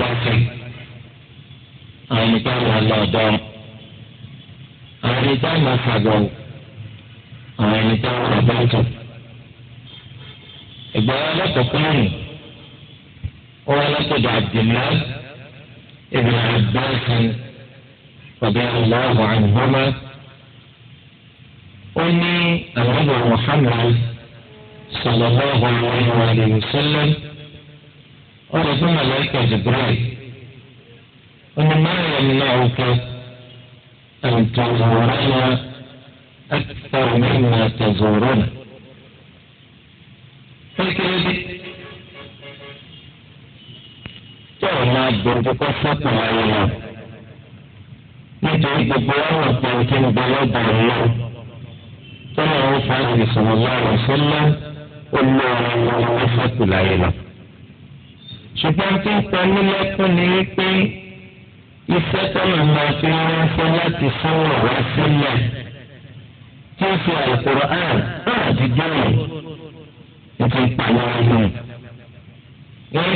wákì àwọn ẹni tá a máa lọ ọ̀dọ̀ àwọn ẹni tá a máa fàgbọ̀wò àwọn ẹni tá a máa báńkì. ìgbà wọn lọ́kọ̀ọ́kọ́ rìn ó wá lọ́kọ̀ọ́dọ̀ àdìmọ́ ibn Abbas radiyallahu ó ní àwọn ọmọ Muhammad sallallahu alaihi wa sallam. ọ̀rọ̀ fún màláìkà jibril ọ̀nà máa yẹ náà wọ́pẹ́ àǹtọ̀zọ̀rọ̀nà àtàwọ̀mẹ́nà àtàzọ̀rọ̀nà. kékeré tí ọ̀rọ̀ máa gbòòdò kọ́ sápò ayé lọ nítorí gbogbo ọ̀rọ̀ pàǹtí ń bẹ lọ́dọ̀ ọ̀lọ́ tọ́lá ọ̀fọ̀ àti sọ̀rọ̀ lọ́rọ̀ sọ́lá ó lọ́ọ̀rọ̀ ọ̀rọ̀ sápò ayé lọ. ṣùgbọ́n tí ń pọ̀ nílẹ̀kùn ni wípé iṣẹ́ tọ́lọ̀ máa fi ránṣẹ́ láti fún ọ̀rọ̀ sílẹ̀ tí ó fi àlùkòrò àn náà ti ètò ìpànìyàn yìí. wọ́n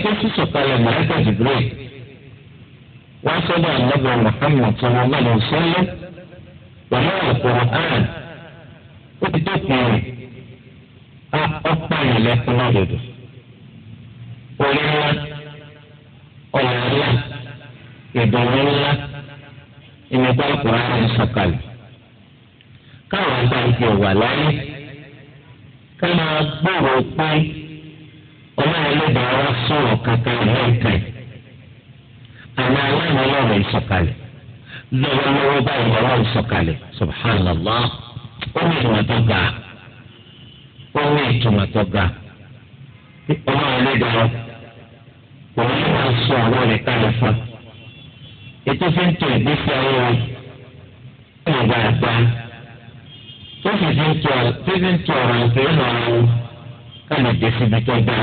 sọ́dọ̀ àlọ́gbọ̀n tó wọn bá lọ pẹ̀lú ọ̀nà ńlá ìdùnnú ńlá ìmẹ̀gbà ìkùránì ń sọ̀kalẹ̀ káwọn àgbàǹdì wà láyé ká máa gbòòrò pé ọlọ́ọ̀lẹ́dàá wa sọ̀rọ̀ kankan lẹ́ẹ̀kan àmọ́ aláìní ọlọ́run ìsọ̀kalẹ̀ lọ́wọ́lọ́wọ́ báyìí ọlọ́run ìsọ̀kalẹ̀ subhanallah ó ní ìtumọ̀ tó ga ó ní ìtumọ̀ tó ga ọlọ́ọ̀lẹ́dàá wa òun náà sọ àwọn rẹ̀ kalẹ̀ fún un ètò fi ń tò ìgbésí ayé wọn ní ìgbà àgbà tó sì fi ń tò fi ń tò ọ̀rọ̀ ìpínlẹ̀ náà wọn kálẹ̀ dé síbi tó dá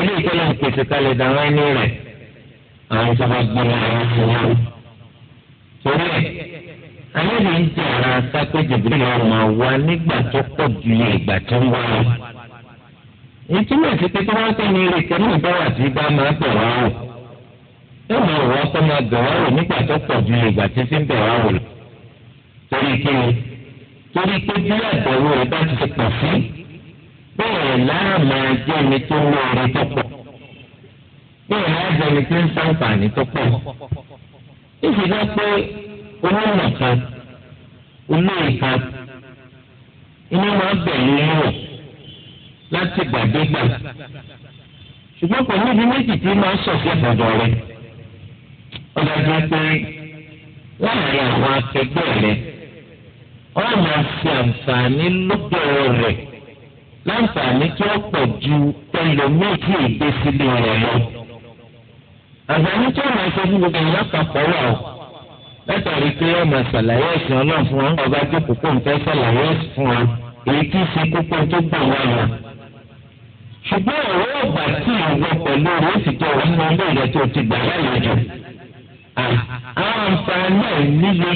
ilé ìtọ́lá ń pèsè kálẹ̀ dáhùn ẹni rẹ̀ àwọn tó bá gbọ́n àwọn fún wọn. torí ẹ̀ ayé mi ń tẹ ara sápé jìbìlì ọmọ wa nígbà tó pọ̀ ju ìgbà tó ń wá wọn èyí túmọ̀ sí pé tí wọ́n tẹ̀ ní ilé kẹ́lí ìbáwà tí bá máa bẹ̀ wá wò ẹ máa wọ ọkọ máa bẹ̀ wá wò nígbà tó pọ̀ ju ìgbà tí ti ń bẹ̀ wá wò lọ. torí kí ni torí pé bí àbẹ̀wò rẹ̀ bá ti ti pọ̀ sí bẹ́ẹ̀ láà máa jẹ́ ẹni tó ní oore tó pọ̀ bẹ́ẹ̀ láà jẹ́ ẹni tó ń sàǹfààní tó pọ̀. ìṣèjọ́ pé onímọ̀ kan olóyè kan inú máa bẹ̀ lórí wọ̀ láti gbàdégbà ṣùgbọ́n pẹ̀lú ibi méjì tí máa ń sọ̀kẹ́ ọ̀dọ̀ rẹ̀ ó dájú pé láàrin àwọn akẹgbẹ́ rẹ̀ wọ́n máa ṣe àǹfààní lọ́dọ̀ rẹ̀ láǹfààní tí ó pọ̀ ju ẹlòmíì tí èdè sílé rẹ̀ lọ. àǹfààní tí ó máa ṣe fún gbogbo ìyá papọ̀ wà ó látàrí pé ó máa ṣàlàyé ẹ̀sìn ọlọ́run fún wọn ọba tó kókó ń fẹ́ ṣàlàyé ẹ̀sìn fún wọn èyí kì í ṣe kókó tó gbà wọn lọ ṣùgbọ́n ọ̀rọ̀ ọ̀gbà tí ìwọ pẹ̀lú rẹ̀ sì jẹ́ òun ní ilé rẹ̀ tó ti gbà láyé jù. àwọn àǹfààní ẹ̀ líle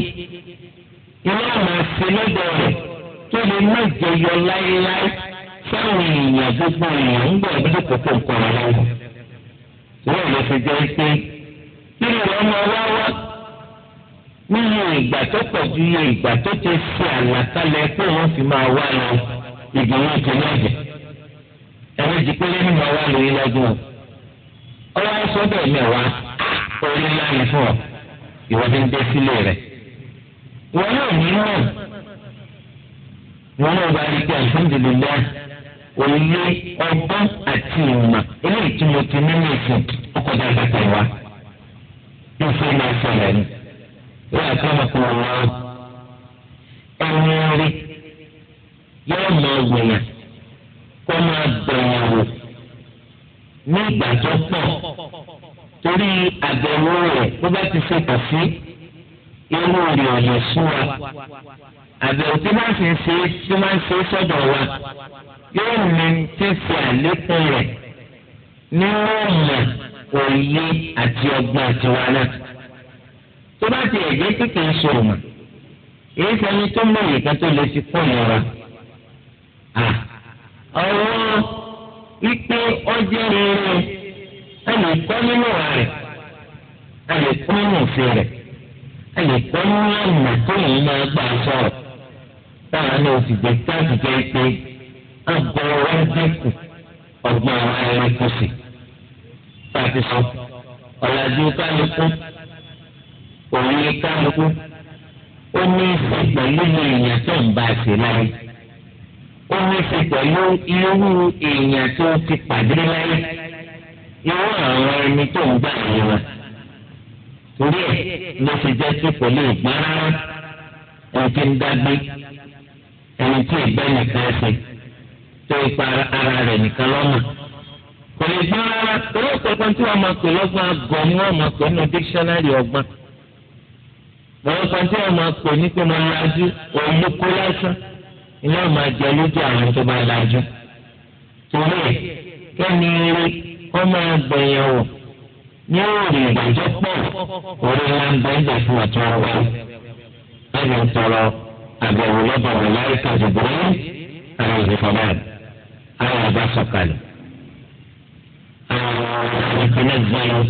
ilé àwọn àṣelọ́dọ̀ rẹ̀ tó lè má jẹyọ láéláé fáwọn èèyàn gbogbo èèyàn ń gbọ̀ ní kókó nǹkan ọ̀rọ̀. ìwọ ló fi jẹ́ pé kí ni wọ́n máa wá wá nínú ìgbà tó pọ̀ ju iye ìgbà tó ti ṣe àlàkalẹ̀ pé wọ́n fi máa wá lọ ìgbìmọ̀ ìjọba ìjọba. ẹ̀rọ ìdíkúlé ní ma wá lórí lọ́dún o. ọlọ́wọ́ sọ́dọ̀ mẹ́wàá orí ńlá ni fún ọ ìwọ ti ń dé sílé rẹ̀. wọn náà ní mọ̀ wọn náà bá rí pé alhamdulillah òye ọgbọ́n àti ìmọ̀ eléyìí tí mo ti ní ní ìfún ọkọ̀ ìfẹ́ sọ̀rọ̀ wọ́n wọn yóò mọ kó máa bẹ̀rẹ̀ wò ní ìgbàjọ́ pọ̀ torí àbẹ̀wò rẹ̀ bó bá ti ṣe kà sí irú rẹ̀ ọ̀yọ̀ sún wa àbẹ̀wò tí máa ń ṣe tí máa ń ṣe sọ́dọ̀ wa yóò ní tí ń ṣe àlékún rẹ̀ nínú ọ̀nà òye àti ọgbọ́n àtiwá náà tó bá ti ẹ̀jẹ̀ tí kì í mọ̀ èyí sẹ́ni tó mọ̀ yìí kan tó lè ti kún ìrora. ọ̀rọ̀ ikpe ọjọ́ rere ẹ lè kọ́ nínú rẹ̀ ẹ lè kọ́ nínú òfin rẹ̀ ẹ lè kọ́ nínú ọ̀nà tó yìí máa gbà sọ̀rọ̀ táwọn ọgbọ́n àwọn sọ ọ̀làjú kálukú òun ní kálukú ó ní í ṣe pẹ̀lú irú èèyàn tó ti pàdé láyé irú àwọn ẹni tó ń gbà yìí torí ẹ̀ ló ti jẹ́ pẹ̀lú ẹni tí ìgbẹ́ nìkan ṣe tó ipa ara rẹ̀ nìkan lọ́nà. kò lè gbọ́ rárá torí tí wọ́n máa pè lọ́gbọ́n àgọ́ ni wọ́n máa pè nínú ní pé mo iná máa jẹ lójú àwọn tó bá lajú torí ẹ kẹ́ni eré wọ́n máa gbẹ̀yàn wọ̀ ní òòrè ìgbàjọ́ pọ̀ orí ńlá ń bẹ́ẹ̀ dẹ̀ fún ọ̀tún ọ̀wẹ́ ẹ̀rọ ń tọrọ àbẹ̀wò lọ́bọ̀rọ̀ láì kàdé bọ́ọ̀lù àwọn ìfọ̀bá àwọn àbá sọ̀kalẹ̀ àwọn ìfọ̀nà gbọ́dọ̀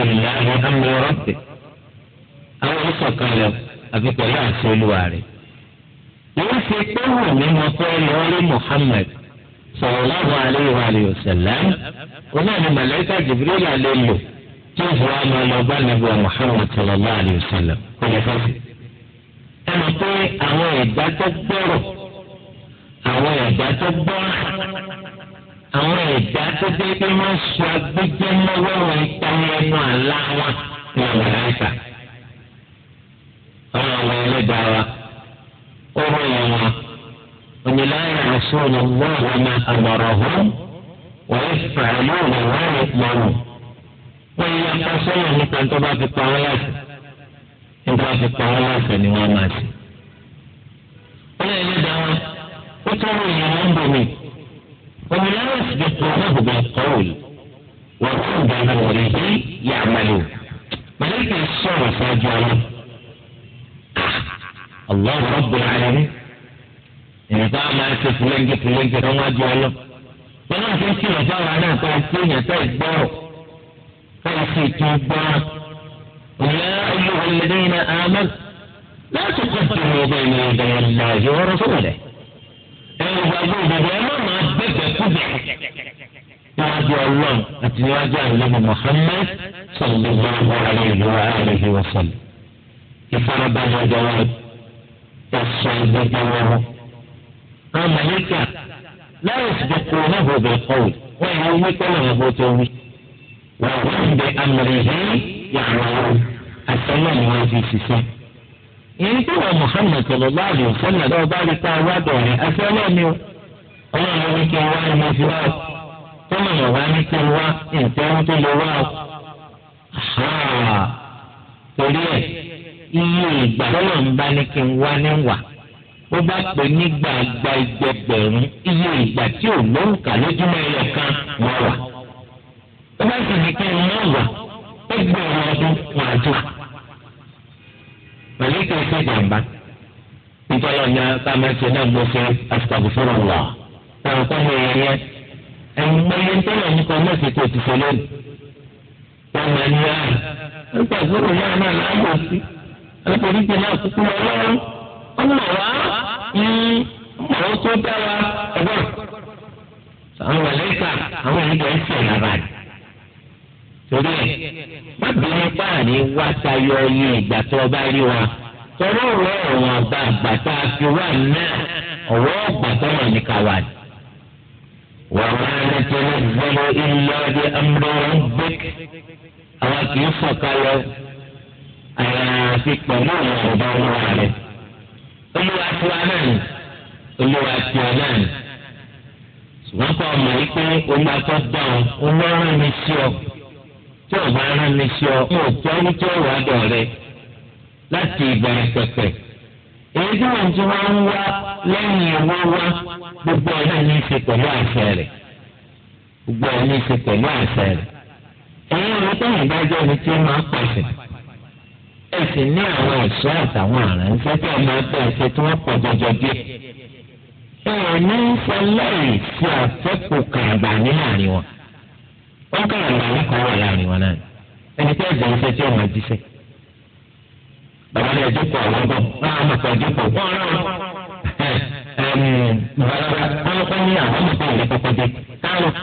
ìlànà àmì ọ̀rọ̀ pẹ̀ àwọn ìfọ̀kalẹ̀ àfi pẹ̀lú àṣẹ olúwa rẹ̀ wọ́n ṣe pé wò ní mo fẹ́ lọ rí Muhammad sallallahu alaihi wa alihi wasallam wọn náà ní màláíkà Jibril lè lò tí ìfọ̀ wa máa lọ bá nàbẹ̀ Muhammad sallallahu alaihi wasallam kò lè fẹ́ fi. ẹ mọ̀ pé àwọn ẹ̀dá tó gbọ́rọ̀ àwọn ẹ̀dá tó gbọ́rọ̀ àwọn ẹ̀dá tó dé pé wọ́n sọ agbẹ́jẹ́ lọ́wọ́ ìtàn ẹnu àlá ní àwọn ẹ̀dá. ọlọ́run ẹlẹ́dàá wa ọ̀rọ̀ yẹn wọn onílàyà àṣọyọ wọn ọmọ àgbàrọ ọhún wọn fà lóòrè wọn lè pọnù wọn yẹ akọsọyọ nípa tó bá fi pa wọn láti nípa fi pa wọn láti ni wọn máa ti. wọn lè lé dáwọn ó tọrọ ìyẹn wọn bomi onílàyà sì ti pọ náà gbogbo ẹ̀kọ́ òòlù wọn fún ìdáná wọlé yìí yàgbálẹ mọlẹkẹ sọ̀rọ̀ sáájú ọlọ́pàá. الله رب العالمين ان يعني طاعه ما تسلم لك لك وما جعل فلا تنسي رفع على تاسين تاسبار فاخي توبار ويا ايها الذين امنوا لا تقدموا بين يدي الله ورسوله ان تقول بدون ما بدك تبعك يرجو الله أن يرجع لنا محمد صلى الله عليه وآله وسلم. إذا ربنا جواب sọ ìgbẹ́jọ́ wọn. àwọn màlíkà láyé ìsìnkú kó náà bò bẹ̀ kọ́wé wọ́n yà wí kọ́lọ̀ yẹn bó tó wí. wọ́n wá ń bẹ amẹ̀rẹ̀ yìí yàrá o àtẹ̀lẹ́ ni wọ́n fi ṣiṣẹ́. ìyẹn tó wọ Muhammad sọlọ láàbì sọlá lọ́wọ́ bá rí pa wádọ̀ rẹ̀ àtẹ̀lẹ́ ni o. ọlọ́run wí kí wá ni mo wá o. tọ́lọ̀ wá ní kí wá nǹkan tó lè wá o. torí ẹ̀ iye ìgbà tọ́lọ̀ ń bá ní kí n wá ní wà ó bá pè ní gbàgbà ìgbẹgbẹ̀rún iye ìgbà tí ò lóǹkà lójúmọ́ ẹyọ kan wọ́n wà ó bá sì ní kí n má wà ó ọdún wọn àjọ. màlíkà ṣe jàǹbá nítorí na kámẹ́sì náà mo wà táwọn kọ́ mi yẹn ẹ̀yìn ní kọ́ tó ti fọ́ lónìí. wọ́n máa ah, náà náà nítorí pé náà kúkú ọlọ́run ọmọ wa ní àwọn tó dá wa ẹgbẹ́ àwọn mọ̀lẹ́kà àwọn ìdílé ń sè lára rẹ̀ torí ẹ̀ bábìrin báàrin wá tayọ ìgbà tó ọba rí wa ọ̀rọ̀ àgbà fi wà náà ọ̀rọ̀ wà àyàfi pẹ̀lú àwọn ọ̀dọ́ olúwa rẹ̀ olúwa ti wá náà ni olúwa ti wá náà ni ṣùgbọ́n kọ́ ọmọ yìí pé olúwa tó dá ọ olúwa mi sí ọ tí ọba rán mi sí ọ mo tọ́ ní tí ó wà dọ̀ rẹ láti ìbẹ̀rẹ̀ pẹ̀pẹ̀ èyí tí wọ́n ti wá ń wá lẹ́yìn wá wá gbogbo ọ̀nà ní í pẹ̀lú àṣẹ rẹ̀ gbogbo ọ̀nà ní í pẹ̀lú àṣẹ rẹ̀ ẹ̀yin ìrètí ìdájọ́ mi ti máa pàṣẹ ẹ sì ní àwọn ẹ̀ṣọ́ àtàwọn àránṣẹ́ tí ẹ máa bẹ ẹsẹ̀ tí wọ́n pọ̀ jọjọ díẹ̀. ẹ ò ní fọlọ́ọ̀rì sí àfẹ́kù kàǹgbà ní láàrin wọn. wọ́n kàǹgbà ní kan wà láàrin wọn náà ẹni tí ẹ̀jẹ̀ ń fẹ́ tí ọmọ jíṣẹ́. bàbá ní ẹjọ́ pọ̀ àwọn bọ̀ náà wọ́n pọ̀ ẹjọ́ pọ̀ wọ́n rán wọn. bàbá wọn kọ́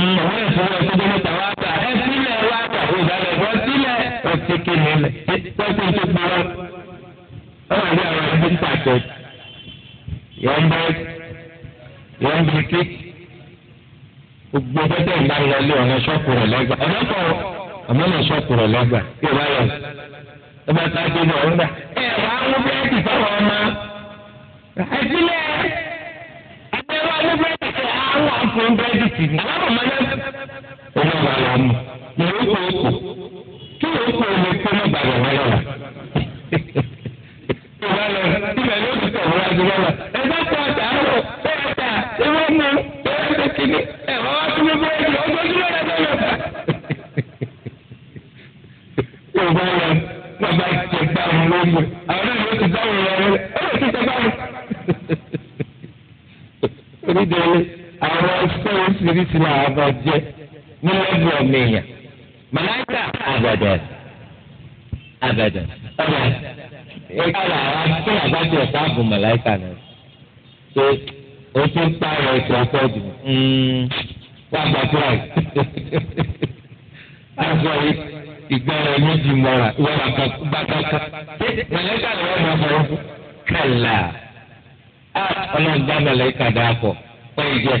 ìyàwó ẹ̀fọ́ ẹ̀fọ́ mẹ́ta wá tà ẹ sílẹ̀ wá tà ìdálẹ̀ ẹ̀fọ́ sílẹ̀ ọ̀sẹ̀ kéde lẹ̀ pẹ́pẹ́ tó gbé wọn. ọ̀rọ̀ ní àwọn ẹbí pàṣẹ yọ̀ọ́ ń bẹ́ yọ̀ọ́ ń bẹ́ kí gbogbo bẹ́tẹ̀ ń bá lọ lé ọ̀nà ṣọ́ọ̀kù rẹ̀ lẹ́gbà ọ̀nà kọ̀ ọ̀nà náà ṣọ́ọ̀kù rẹ̀ lẹ́gbà yóò bá yọ ẹ bá ta wà ń fún bẹ́ẹ̀dì tì ní. àwọn ọmọ náà owó wà lọ mú yòówó kò kò kí yòówó kò lè kó ní ìbàdàn wọn lọ. ìbálẹ̀ ìbẹ̀ ló ti tọ̀ wọ́n láti wọ́n lọ. ẹ bá tọ ọjà ń lò bẹ́ẹ̀ ta ewé mú bẹ́ẹ̀ tẹ kíní ẹ̀ wọ́n wá tún bẹ́ẹ̀ lọ ọjọ́júmọ́ rẹ̀ bẹ́ẹ̀ lọ bá. ìbálẹ̀ bàbá ìtẹ̀gbà wọn ló mú àwọn náà ló ti bá wọn lọ rẹ̀ ẹ̀ ló ti tẹ̀ bá wọn. onídẹ̀ẹ́lẹ́ àwọn iṣẹ́ oríṣiríṣi làwọn bá jẹ́ ní lẹ́bù ọ̀mì èèyàn màláìka àbàdàn àbàdàn ọ̀rọ̀ ẹ̀ka làwọn akẹ́ àbájọ ọ̀tá àbò màláìka náà ṣe o ti ń pààrọ̀ ètò ọ̀tọ̀ jù wá gba fúláì aṣọ ìgbọ́ra méjì mọ́ra ìwọ́ra bàtàkà màláìka ni wọ́n máa fọwọ́ kàlà ah, ọlọ́run dá màláìka dáa pọ̀ pẹ́ ìjẹ́.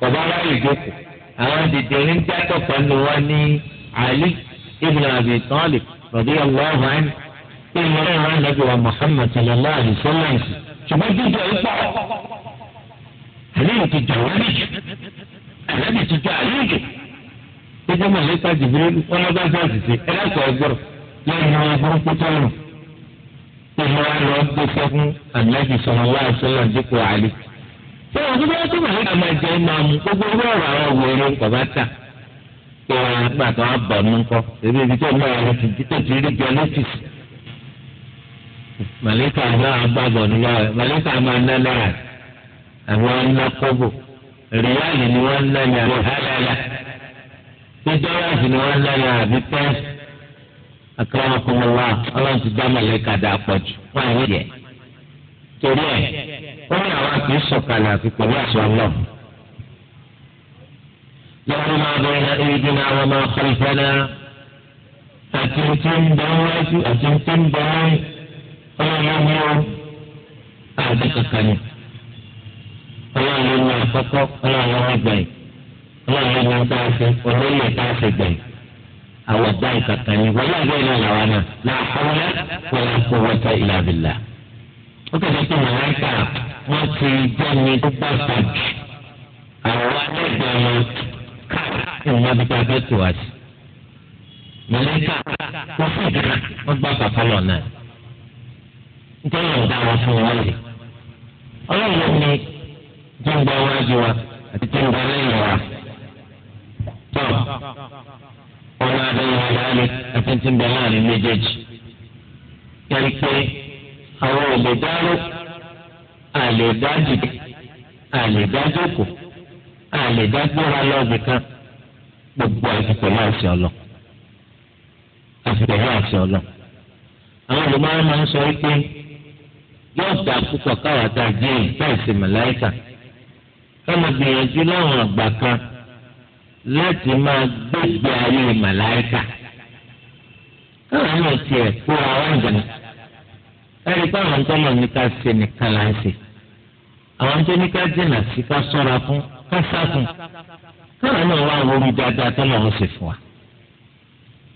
bàbá aráàlú ìjókòó àwọn dèdè ní jẹ́tọ̀ pẹ̀lú wa ní Ali ibn Abi Talib radiyallahu anhu pé ìmọ̀ràn ìwà nàbí wa Muhammad sallallahu alayhi wa sallam ṣùgbọ́n jíjọ ìpọ̀ àlejò ti jọ wọlé jù àlejò ti jọ àlejò gbogbo mọ̀lẹ́ta jìbìrì wọn lọ́gbà sáàsì sí ẹ lọ́sọ̀ ẹgbọ́rọ̀ lẹ́yìn àwọn burúkú tó rùn ìmọ̀ràn lọ gbé fẹ́ fún àlejò sallallahu alayhi dípò àlejò. tó wọn tó bá tó màá nígbà máa jẹ máa mú gbogbo owó ọ̀rọ̀ àwọn wèrè kọ̀ọ̀bá tà pé wọn nígbà tó wọn bọ̀ mú kọ́ ebi ibi tó ti tó ti rí jọ lọ́fíìsì. náà máa ná náírà àwọn kọ́bù ni wọ́n ná ní hálàlà ni wọ́n ná ní àbí pẹ́ẹ́sì wa ọlọ́run ti dá dà pọ̀ jù àwọn torí ẹ̀ wọ́n ní àwọn àti sọ̀kalẹ̀ àti pẹ̀lú àṣọ náà. yàrá máa bẹ̀rẹ̀ náà èyí náà wọ́n máa kọ́ ìfẹ́ náà àti tí ń bọ̀ wájú àti tí ń bọ̀ wájú ọlọ́run ní o àti kankan ni ọlọ́run ní àkọ́kọ́ ọlọ́run ní gbẹ̀yìn ọlọ́run ní ta ṣe olóyè ta gbẹ̀yìn àwọn ọ̀gbọ́n kankan ni wọ́n yàgbẹ́ ní ọ̀làwọ̀ náà náà wọ́n lọ́ ó tẹ̀lé pé màláìka wọ́n ti jẹ́ni tó gbà pàjù àwọn alẹ́gbẹ̀ẹ́ wọn káàkiri wọn bí ká bẹ́ẹ̀ tó wá sí. màláìka wọ́n fún ìdíkà wọ́n gbà bàbá lọ náà nítorí wọn dá wọn fún wọn lè. ọlọ́run ni tó ń gba wájú wa àti tó ń gba lẹ́yìn wa. tọ́ ọ̀nà àbẹ̀yẹ̀ wà láàrin àti tí ń bẹ láàrin méjèèjì. yẹ́nì pé. àwọn èlè dáró àlè dádìde àlè dájókò àlè dágbóra lọ́ọ̀bì kan gbogbo àtìpẹ̀ náà ṣe ọlọ àtìpẹ̀ náà ṣe ọlọ. àwọn olùmọ̀ràn máa ń sọ wípé yóò dà púpọ̀ káwá tá a jẹ́ ìtàìsí màláìkà káwọn gbìyànjú láwọn àgbà kan láti máa gbégbé ayé káwọn náà tiẹ̀ kó ẹni pé àwọn tọ́lọ̀ ní ká ṣe nìkan là ń ṣe àwọn tó ní ká dènà sí ká sọ́ra fún ká sá fún káwọn náà wá wọlé dáadáa tọ́lọ̀ ń ṣe fún wa.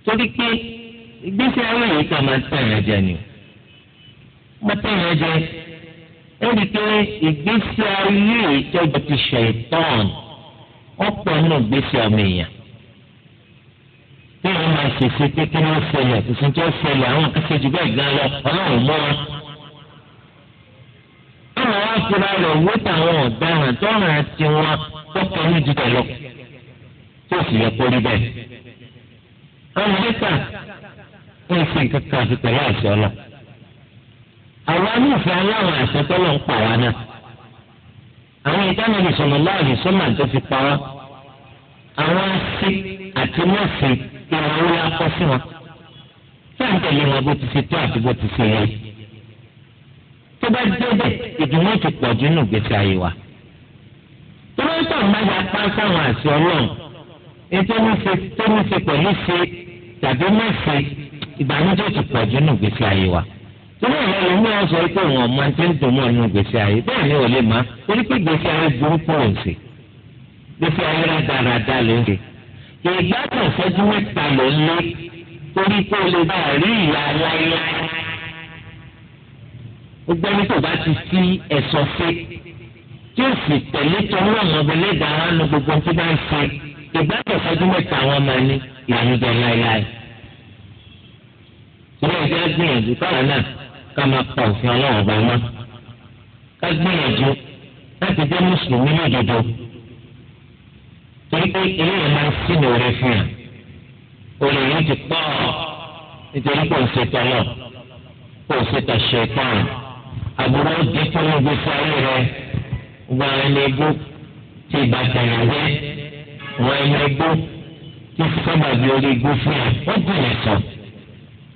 torí pé ìgbésẹ̀ ayé yìí kà máa ń tẹ̀yàn jẹ ni o máa tẹ̀yàn jẹ ẹni pé ìgbésẹ̀ ayé yìí tọ́jú ti ṣe ìtọ́ọ̀nù ọ̀pọ̀ nínú ìgbésẹ̀ ọmọ èèyàn tí wọn máa ṣèṣe pé kí wọn ṣẹlẹ̀ tuntun tó ṣẹlẹ̀ àwọn akẹsẹ jù bẹ́ẹ̀ gan lọ Ọlọ́run mọ wọn. àwọn wá fúnra rẹ̀ wé tàwọn ọ̀daràn tọ́ràn tiwọn tọkọ ní jùlọ lọ tó sì yẹ kó rí bẹ́ẹ̀. àwọn lẹ́tà wọn fi nǹkan kan fi pẹ̀lú àṣẹ ọlọ. àwọn amúfẹ́ aláwọ̀ àṣẹ tọ́lọ̀ ń pa wá náà. àwọn ìdánilẹ̀ sọ̀rọ̀ láàrin sọ́mà tó fi pa wá. àwọn aṣẹ àti mọ̀ọ́sẹ̀ ìrànwọ́ la kọ́ sí wọn sáà ń tẹ̀lé wọn bó ti ṣe tó àti bó ti ṣe yẹ tó bá débẹ̀ ìdùnnú ti pọ̀ jù nù gbèsè ayé wa tó bá ń tọ̀ máa yà pa sáwọn àṣẹ ọlọ́run ètò tó ní ṣe pẹ̀lú ṣe tàbí mẹ́sẹ̀ ìbànújẹ́ ti pọ̀ jù nù gbèsè ayé wa torí àwọn ẹlòmí wọn sọ pé wọn ọmọ ti ń dùn mọ́ nínú gbèsè ayé bẹ́ẹ̀ ni ò lè má torí pé gbèsè ayé burúkú ló ń ṣe gbèsè ayé rádaràda ló ń ṣe ìyá tó ìṣẹ́jú mẹ́ta ló ń lé torí kó o lè bá rí ìyá láéláé. ó gbọ́ ní tó bá ti sí ẹ̀sọ́ fẹ́ tí ó sì tẹ̀lé torí ọ̀nàbọ̀ lẹ́dàá nu gbogbo tí bá ń ṣe ìgbà tó mẹ́ta wọn máa ní ìyànjẹ láéláé. ilé ìjẹ́ gbìyànjú káwọn náà ká máa pa òfin ọlọ́run bá wọn. ká gbìyànjú láti jẹ́ mùsùlùmí lódodo torí pé eléyìí máa ń sìn orí fún yàn olè yìí ti pọ̀ nítorí kò ń ṣe tọ́lọ̀ kò ń ṣe tọ̀ṣẹ̀ tán àbúrò dínkù ní gbèsè ayé rẹ wọn ẹni igbó ti ìbàdàn rẹ wọn ẹni igbó ti sábà orí igbó fún yàn ó dìnyẹ sọ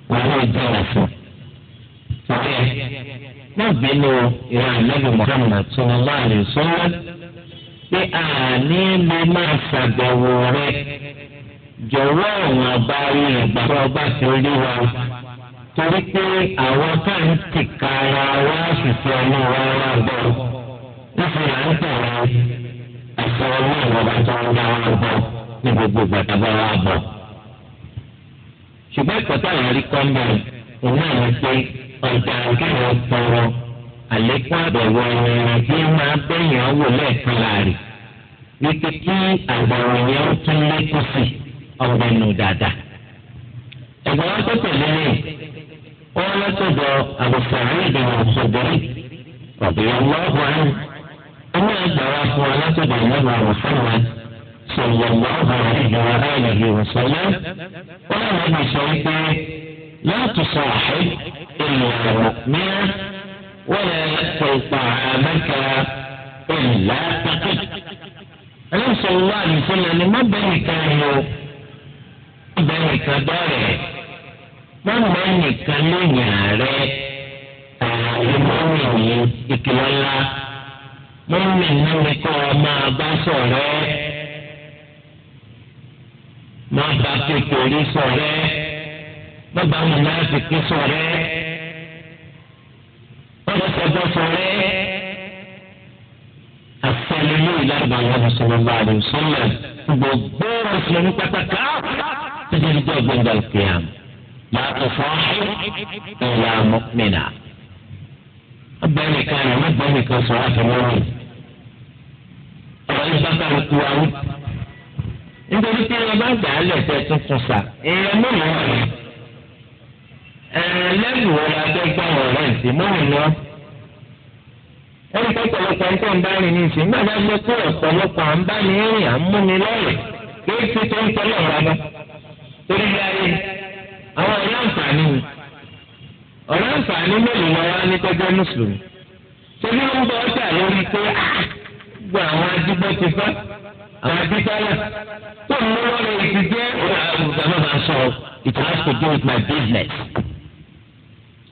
wọn ó dìnyẹ sọ sọ náà bínú ìran àlẹ́ bí Muhammad sallallahu alaihi wasallam pé àní lè máa ṣàbẹ̀wò rẹ jọ̀wọ́ àwọn àbárí ìgbà tó ọba ti rí wa torí pé àwọn tá ń tìka ara wa ṣùṣe ọmọ wa wà gbọ́ nífi là ń tẹ̀lé ẹ̀fọ́ ọmọ ìwọ̀nba tó ń bá wa gbọ́ ní gbogbo ìgbà bá wa bọ̀. ṣùgbọ́n ìkọ́tà yẹn rí kọ́ńdọ̀n òun náà pé ọjà ìkẹyìn ọ̀pọ̀ wọn àlékún àbẹ̀wò ẹ̀yìn tí máa bẹ̀yìn ọ̀wọ̀ lẹ́ẹ̀kan láàrin wípé kí àbẹ̀wò yẹn ó tún lékún sí ọ̀gbẹ́ nù dáadáa. ẹ̀gbọ́n wọn tó tẹ̀lé ní wọn lọ́sọ̀dọ̀ àbùsàárì ìdìbò ọ̀sọ̀dọ̀rì radiyallahu anhu ọmọ ẹgbà wa fún wa lọ́sọ̀dọ̀ ìlànà Muhammad sallallahu alaihi wa alihi wa wọn ولا يأكل طعامك إلا تقي النبي صلى الله عليه وسلم ما بينك ما بينك دارك ما بينك لنيارك àlùmọ́ọ̀nì ìkìlọ̀ ńlá mọ́ọ̀nì náà ni kọ́ ọ máa bá sọ̀rẹ́ máa bá kékeré sọ̀rẹ́ bàbá mi náà ti ké sọ̀rẹ́ tó sẹ́gbọ́ sọ̀rẹ́ àfẹnulú ìlànà àwọn sọlọ́lá àdùn sọlẹ̀ gbogbo mùsùlùmí pátákà títí di jẹ́ gbẹ̀ngà ìkẹyàm yàtọ̀ fọ́ọ̀ṣù ìlà mọ́kùnmínà. ọgbẹ́ni kan yẹn mọ́gbẹ́ni kan sọ̀rọ̀ àfẹnulú ọ̀rọ̀ ìbátan kú wa wí nítorí pé wọn bá gbà á lẹ̀ tẹ́ tuntun sà èèyàn mélòó wọn lẹ́nu wọn la fẹ́ gbà wọn rẹ̀ sí mọ́wọ́n náà ẹni tó pọ̀lọpọ̀ ń tẹ̀ ń bá rìn ní ìsìn nígbà tó lé pé ọ̀pọ̀lọpọ̀ à ń bá ní rìn à ń mú mi lọ́rẹ̀ kí ti tó ń tọ́lọ̀ rárá torí bí ayé àwọn ọ̀rẹ́ àǹfààní ni ọ̀rẹ́ àǹfààní mélòó lọ wá ní tọ́jọ́ mùsùlùmí torí ó ń bọ ọjà lórí pé ah, gbogbo àwọn adigbọ́ ti fẹ́ àwọn adigbọ́lẹ̀ tó ń lọ́wọ́ lórí ti jẹ́ ọ̀rẹ́ àṣọ it has to do with my business.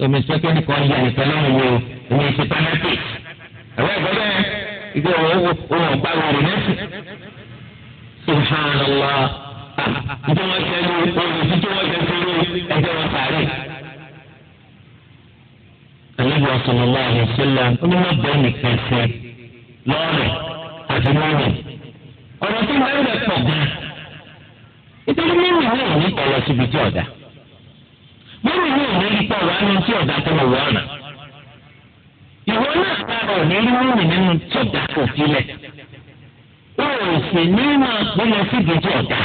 omi sẹ́kẹ́ndì kan yẹ ìfẹ́ náà wo omi ìfẹ́ fanatics ẹ̀rọ ìgbọ́ bẹ́ẹ̀ ìgbé wọn wọn gbá lórí nẹ́ẹ̀sì. subhanallah ìjọ wọn ṣe lu olùsí tí wọn ṣe fi lu ẹjẹ wọn sàárẹ̀. àlejò ọ̀sánlọ́lá àyẹ̀sílẹ̀ onímọ̀ bẹ́ẹ̀ nìkan ṣe lọ́ọ̀rẹ̀ àti lọ́ọ̀rẹ̀. ọ̀rọ̀ tí wọ́n ń bẹ̀ pọ̀ gan-an. ìtọ́jú mímu ní ìní síbi tí ọ̀dà. mímu ní ìní ìpọ̀ wà tí ọ̀dà tó lọ wọ̀ ọ̀nà ìwọ náà dára òní rí mímì nínú tí ọ̀dà kò sílẹ̀ ó ò sì ní máa gbé lọ síbi tí ọ̀dà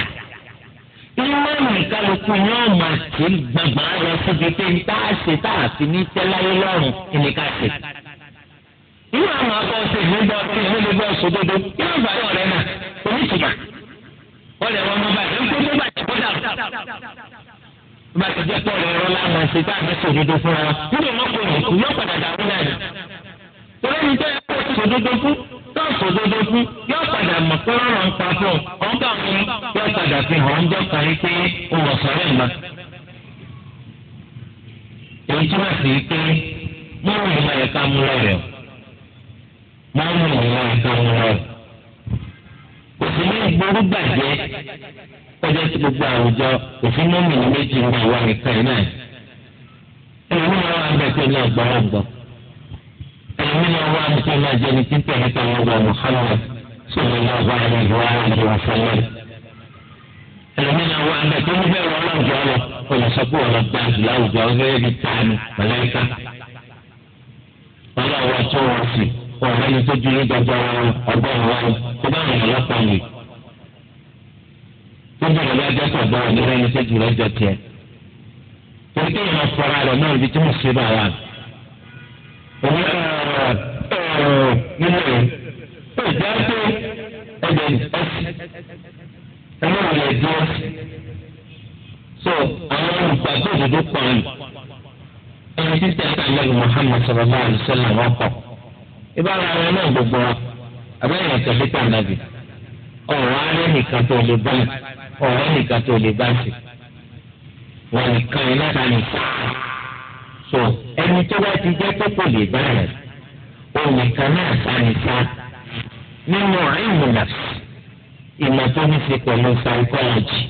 ìmọ̀ràn ìkálukú ni ó máa ti gbàgbà lọ síbi pé tá a ṣe tá a fi ní tẹ́láyé lọ́rùn ìní ká ṣe. ìwọ àwọn akọ́ṣe ìlúgbà ọtí ìlúgbà ọ̀ṣọ́dodo yóò bá yọ̀ rẹ̀ náà oníṣìgà wọ́n lè wọ́n mú bàjẹ́ ń kó tó bàjẹ́ kó dà bá ti jẹ́ pọ̀ lọ́rọ́ lánàá ṣe tá a fi ṣòdodo fúnra wọn. nínú ọkọ̀ òyìnbó yóò padà dàrú náà torí ẹni tó yẹ kó sòdodo fún tó sòdodo fún yóò padà mọ̀ pé ọ̀rọ̀ ń pa fún ọ̀n kà fún yóò padà fi hàn ọjọ́ kan pé o wọ̀ sọ́rọ̀ ìmọ̀. èyí túmọ̀ sí pé mọ́mú ká mú lọ́rẹ̀ gbogbo àwùjọ òfin méjì ń bá wà náà. bẹ́ẹ̀ mùsùlùmí náà wà ní kí n máa jẹ ní títẹ̀ nípa ọgbà Muhammad sọ̀rọ̀ náà wà ní ìwà àyè ọ̀sánlẹ̀. ẹlòmí náà wà ní kí n bẹ̀ wọ́n láwùjọ lọ olùsọ́kù ọ̀rọ̀ gbà láwùjọ ọ̀rẹ́ ibi tani mọ̀lẹ́ka. wọ́n wá tó wọn sí ọ̀rẹ́ yìí tó ju ní gbàgbọ́ ọgbà wọn tó bá wọn lọ́pàá yìí. tó bẹ̀rẹ̀ lọ́jọ́ tọ̀gbọ́ ọ̀rẹ́ yìí tó ju lọ́jọ́ tiẹ̀ torí kí èèyàn fọra rẹ̀ náà ibi tí mo ṣe bá wà. òun nínú rẹ̀ ó jẹ́ pé ẹ̀jẹ̀ ẹ̀sì ẹ̀mọ́ rẹ̀ ẹ̀jẹ̀ ẹ̀sì so àwọn olùgbàgbọ́ òdodo pọ̀ ní ẹni tí tẹ̀sán lẹ́yìn Muhammad sallallahu alaihi wasallam wọn kọ̀ ìbára àwọn náà gbogbo wa abẹ́rẹ́ ìtẹ̀lé tàǹdàbì ọ̀rọ̀ alẹ́ nìkan tó lè bá ọ̀rọ̀ nìkan tó lè bá sí wọn nìkan ẹ̀ náà ta nìkan so ẹni tó bá ti jẹ́ pé kò lè bá yẹn onìkan náà sanìta nínú ìmùnàfẹ ìmọ̀ tó ní ṣe pẹ̀lú psychology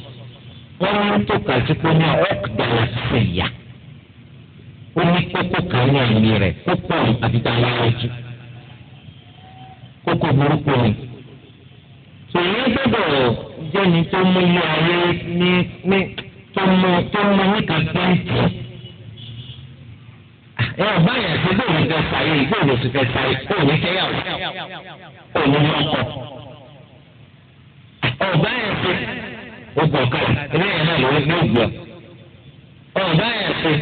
wọ́n ń tọ́ka sí pé ní ọ̀kadàlà ṣèyà ó ní kókó kan ní ẹ̀mí rẹ̀ kókó àbíkálá ojú kókó burúkú ni sòyìn gbọ́dọ̀ jẹ́ni tó mú ilé ayé ní tó mú ní kàkẹ́ǹtì ẹ ọba yẹn ti bóòlù fẹ́ sáyé bóòlù sì fẹ́ sáyé òní kẹyàwó òní lọkọ ọba yẹn ti ogun kan ilé yẹn náà lórí ní ogun ọba yẹn ti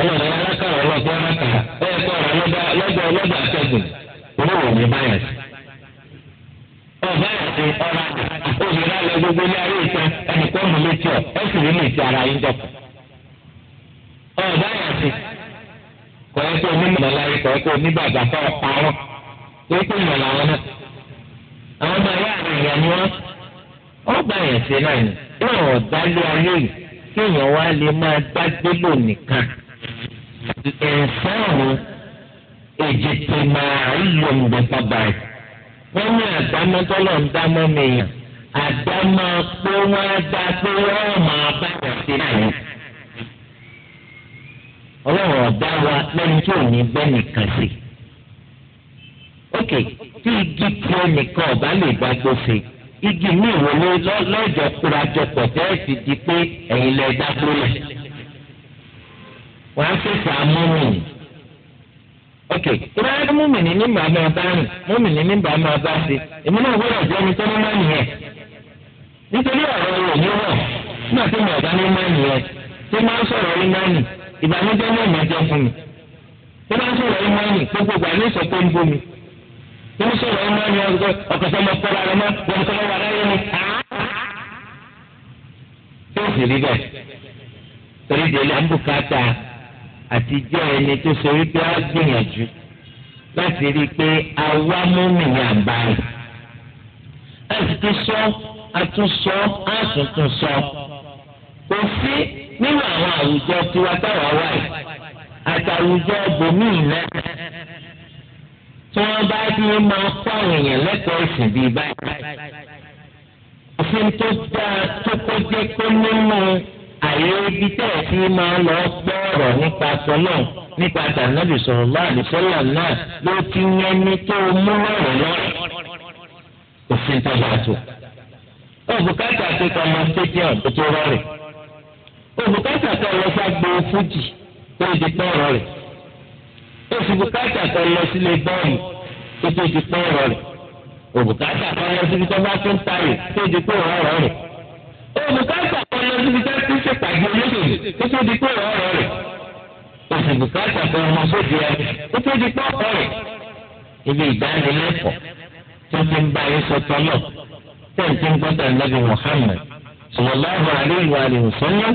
ọlọ́dọ̀ alákàrà ọlọ́dọ̀ alákàrà ẹ kọ́ ọ̀rọ̀ lọ́dọ̀ ọlọ́dọ̀ àtẹ̀gùn olówó ní ọba yẹn ti ọba yẹn ti ọba obìnrin alẹ gbogbo ilé ayé ìtàn ẹnìkan mọ létí ọ ẹ sì rí létí ara yín dọkọ ọba yẹn ti. kọ ẹ kó ní mọláyé kọ ẹ kó ní bàbá kọ ọparọ tó kó ìmọ̀ làwọn náà àwọn ọmọ ẹ̀yà ni ọgbà yẹn ṣe náà ni yóò ọ̀dá lé ayé yìí kí èèyàn wá lè máa dágbé lò nìkan ẹ̀sán ọ̀hún èjì tó máa ń lò ń bẹ wọ́n ní ọlọ́run ọ̀dá wa lẹ́ni tí ò ní bẹ́ẹ̀ nìkan sí. tí igi tí ẹnìkan ọ̀bá lè gbó igi ní ìwọlé lọ́jọ́ kúrajọpọ̀ tẹ́ẹ̀sì di pé ẹ̀yin lẹ dágbó lẹ̀. ókè ní rìn ọba èmi náà ẹni tó nìyẹn. nítorí ọ̀rọ̀ nígbà ọ̀dá ní ń ìbànújẹ́ ní ọmọ ẹjẹ fún mi bí wọ́n sọ̀rọ̀ ẹ mọ́ni gbogbo ìgbà ní ìsọ̀kò ń bú mi bí wọ́n sọ̀rọ̀ ẹ mọ́ni ọ̀kọ̀sọ̀ mọ̀ kọ́ra rẹ mọ́ wọ́n sọ̀rọ̀ wà láyé mi. yóò sì rí bẹ́ẹ̀ torí délé àbùkátà àti jẹ́ ẹni tó sọ wípé á gbìyànjú láti rí i pé àwa mú mi ní àbáyé ẹ̀ sọ àtúnsọ àtúntúnsọ kò sí nínú àwọn àwùjọ tiwa táwa wà yìí àtàwùjọ bòmíì náà tí wọ́n bá ti máa kó àwọn èèyàn lẹ́kọ̀ọ́ ìsìn bíi báyìí. òfin tó dáa tó kọjá pé nínú àyè ibi tẹ̀ sí máa lọ gbọ́ọ̀rọ̀ nípa sọ́nà nípa tànàbì sọ̀rọ̀ bá àdìsọ́là náà ló ti yẹn ní tó mú lọ́rọ̀ lọ́rọ̀ òfin tó dáa tó. ó bùkátà pé kọ́ ọmọ stadium tó tó rọrùn olùkọ́tà kan lọ ságbó fújì tó ti pọ̀ ọ̀rọ̀ rẹ̀ olùkọ́tà kan lọ sílé bọ́ọ̀lù tó ti pọ̀ ọ̀rọ̀ rẹ̀ olùkọ́tà kan lọ síbi tó bá tó ń tayò tó ti pọ̀ ọ̀rọ̀ rẹ̀ olùkọ́tà kan lọ síbi tó ti ṣèpàdé olóṣèlú tó ti pọ̀ ọ̀rọ̀ rẹ̀ olùkọ́tà kan lọ sóde ẹ̀ tó ti pọ̀ ọ̀rọ̀ rẹ̀ ibi ìdánilẹ́kọ̀ọ́ tó ti ń bá yín sọ̀tọ̀ náà tẹ̀sí ń gbọ́dọ̀ lẹ́bi Muhammad sallallahu alaihi wa sallam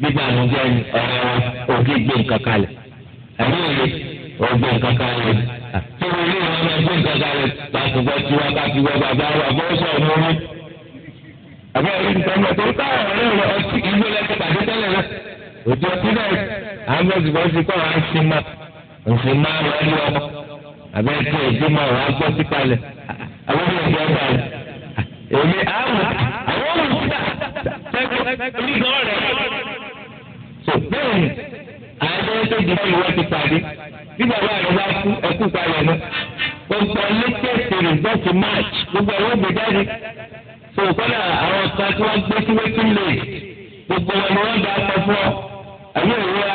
bíbá àwọn jẹ́ ọ̀rọ̀ òkè gbé nǹkan kalẹ̀ àbí òye ògbé nǹkan kalẹ̀ tó o lè wọn máa gbé nǹkan kalẹ̀ pàṣípọ̀ tí wọn bá ti wọ bàbá wa bó sọ̀ mú mi. àbẹ́ òye nǹkan mọ̀ tó táwọn ọ̀rẹ́ rẹ ọtí ìlú ẹlẹ́sẹ̀ pàdé tẹ́lẹ̀ rẹ òjò ọtí náà àwọn ọ̀sìnkọ́ sí kọ́ wa ń sin ma ń sin ma lọ́ọ́ lọ́ọ́ tí èdè máa wà á gbọ́ sí kalẹ̀ àwọn ọ̀sìnkọ́ bá rẹ̀ èmi àwọn àwọn ọ̀sìnkọ́ tó bẹ́ẹ̀ àwọn ẹgbẹ́ méjèèjì ìwé ti pàdé bí bàbá rẹ̀ bá kú ẹkú palẹ̀ mọ́ latest result gbogbo ẹ̀rọ jáde kọ́lá àwọn tí wọ́n gbé sí gbogbo ni wọ́n fún ọ àbí òwúrọ̀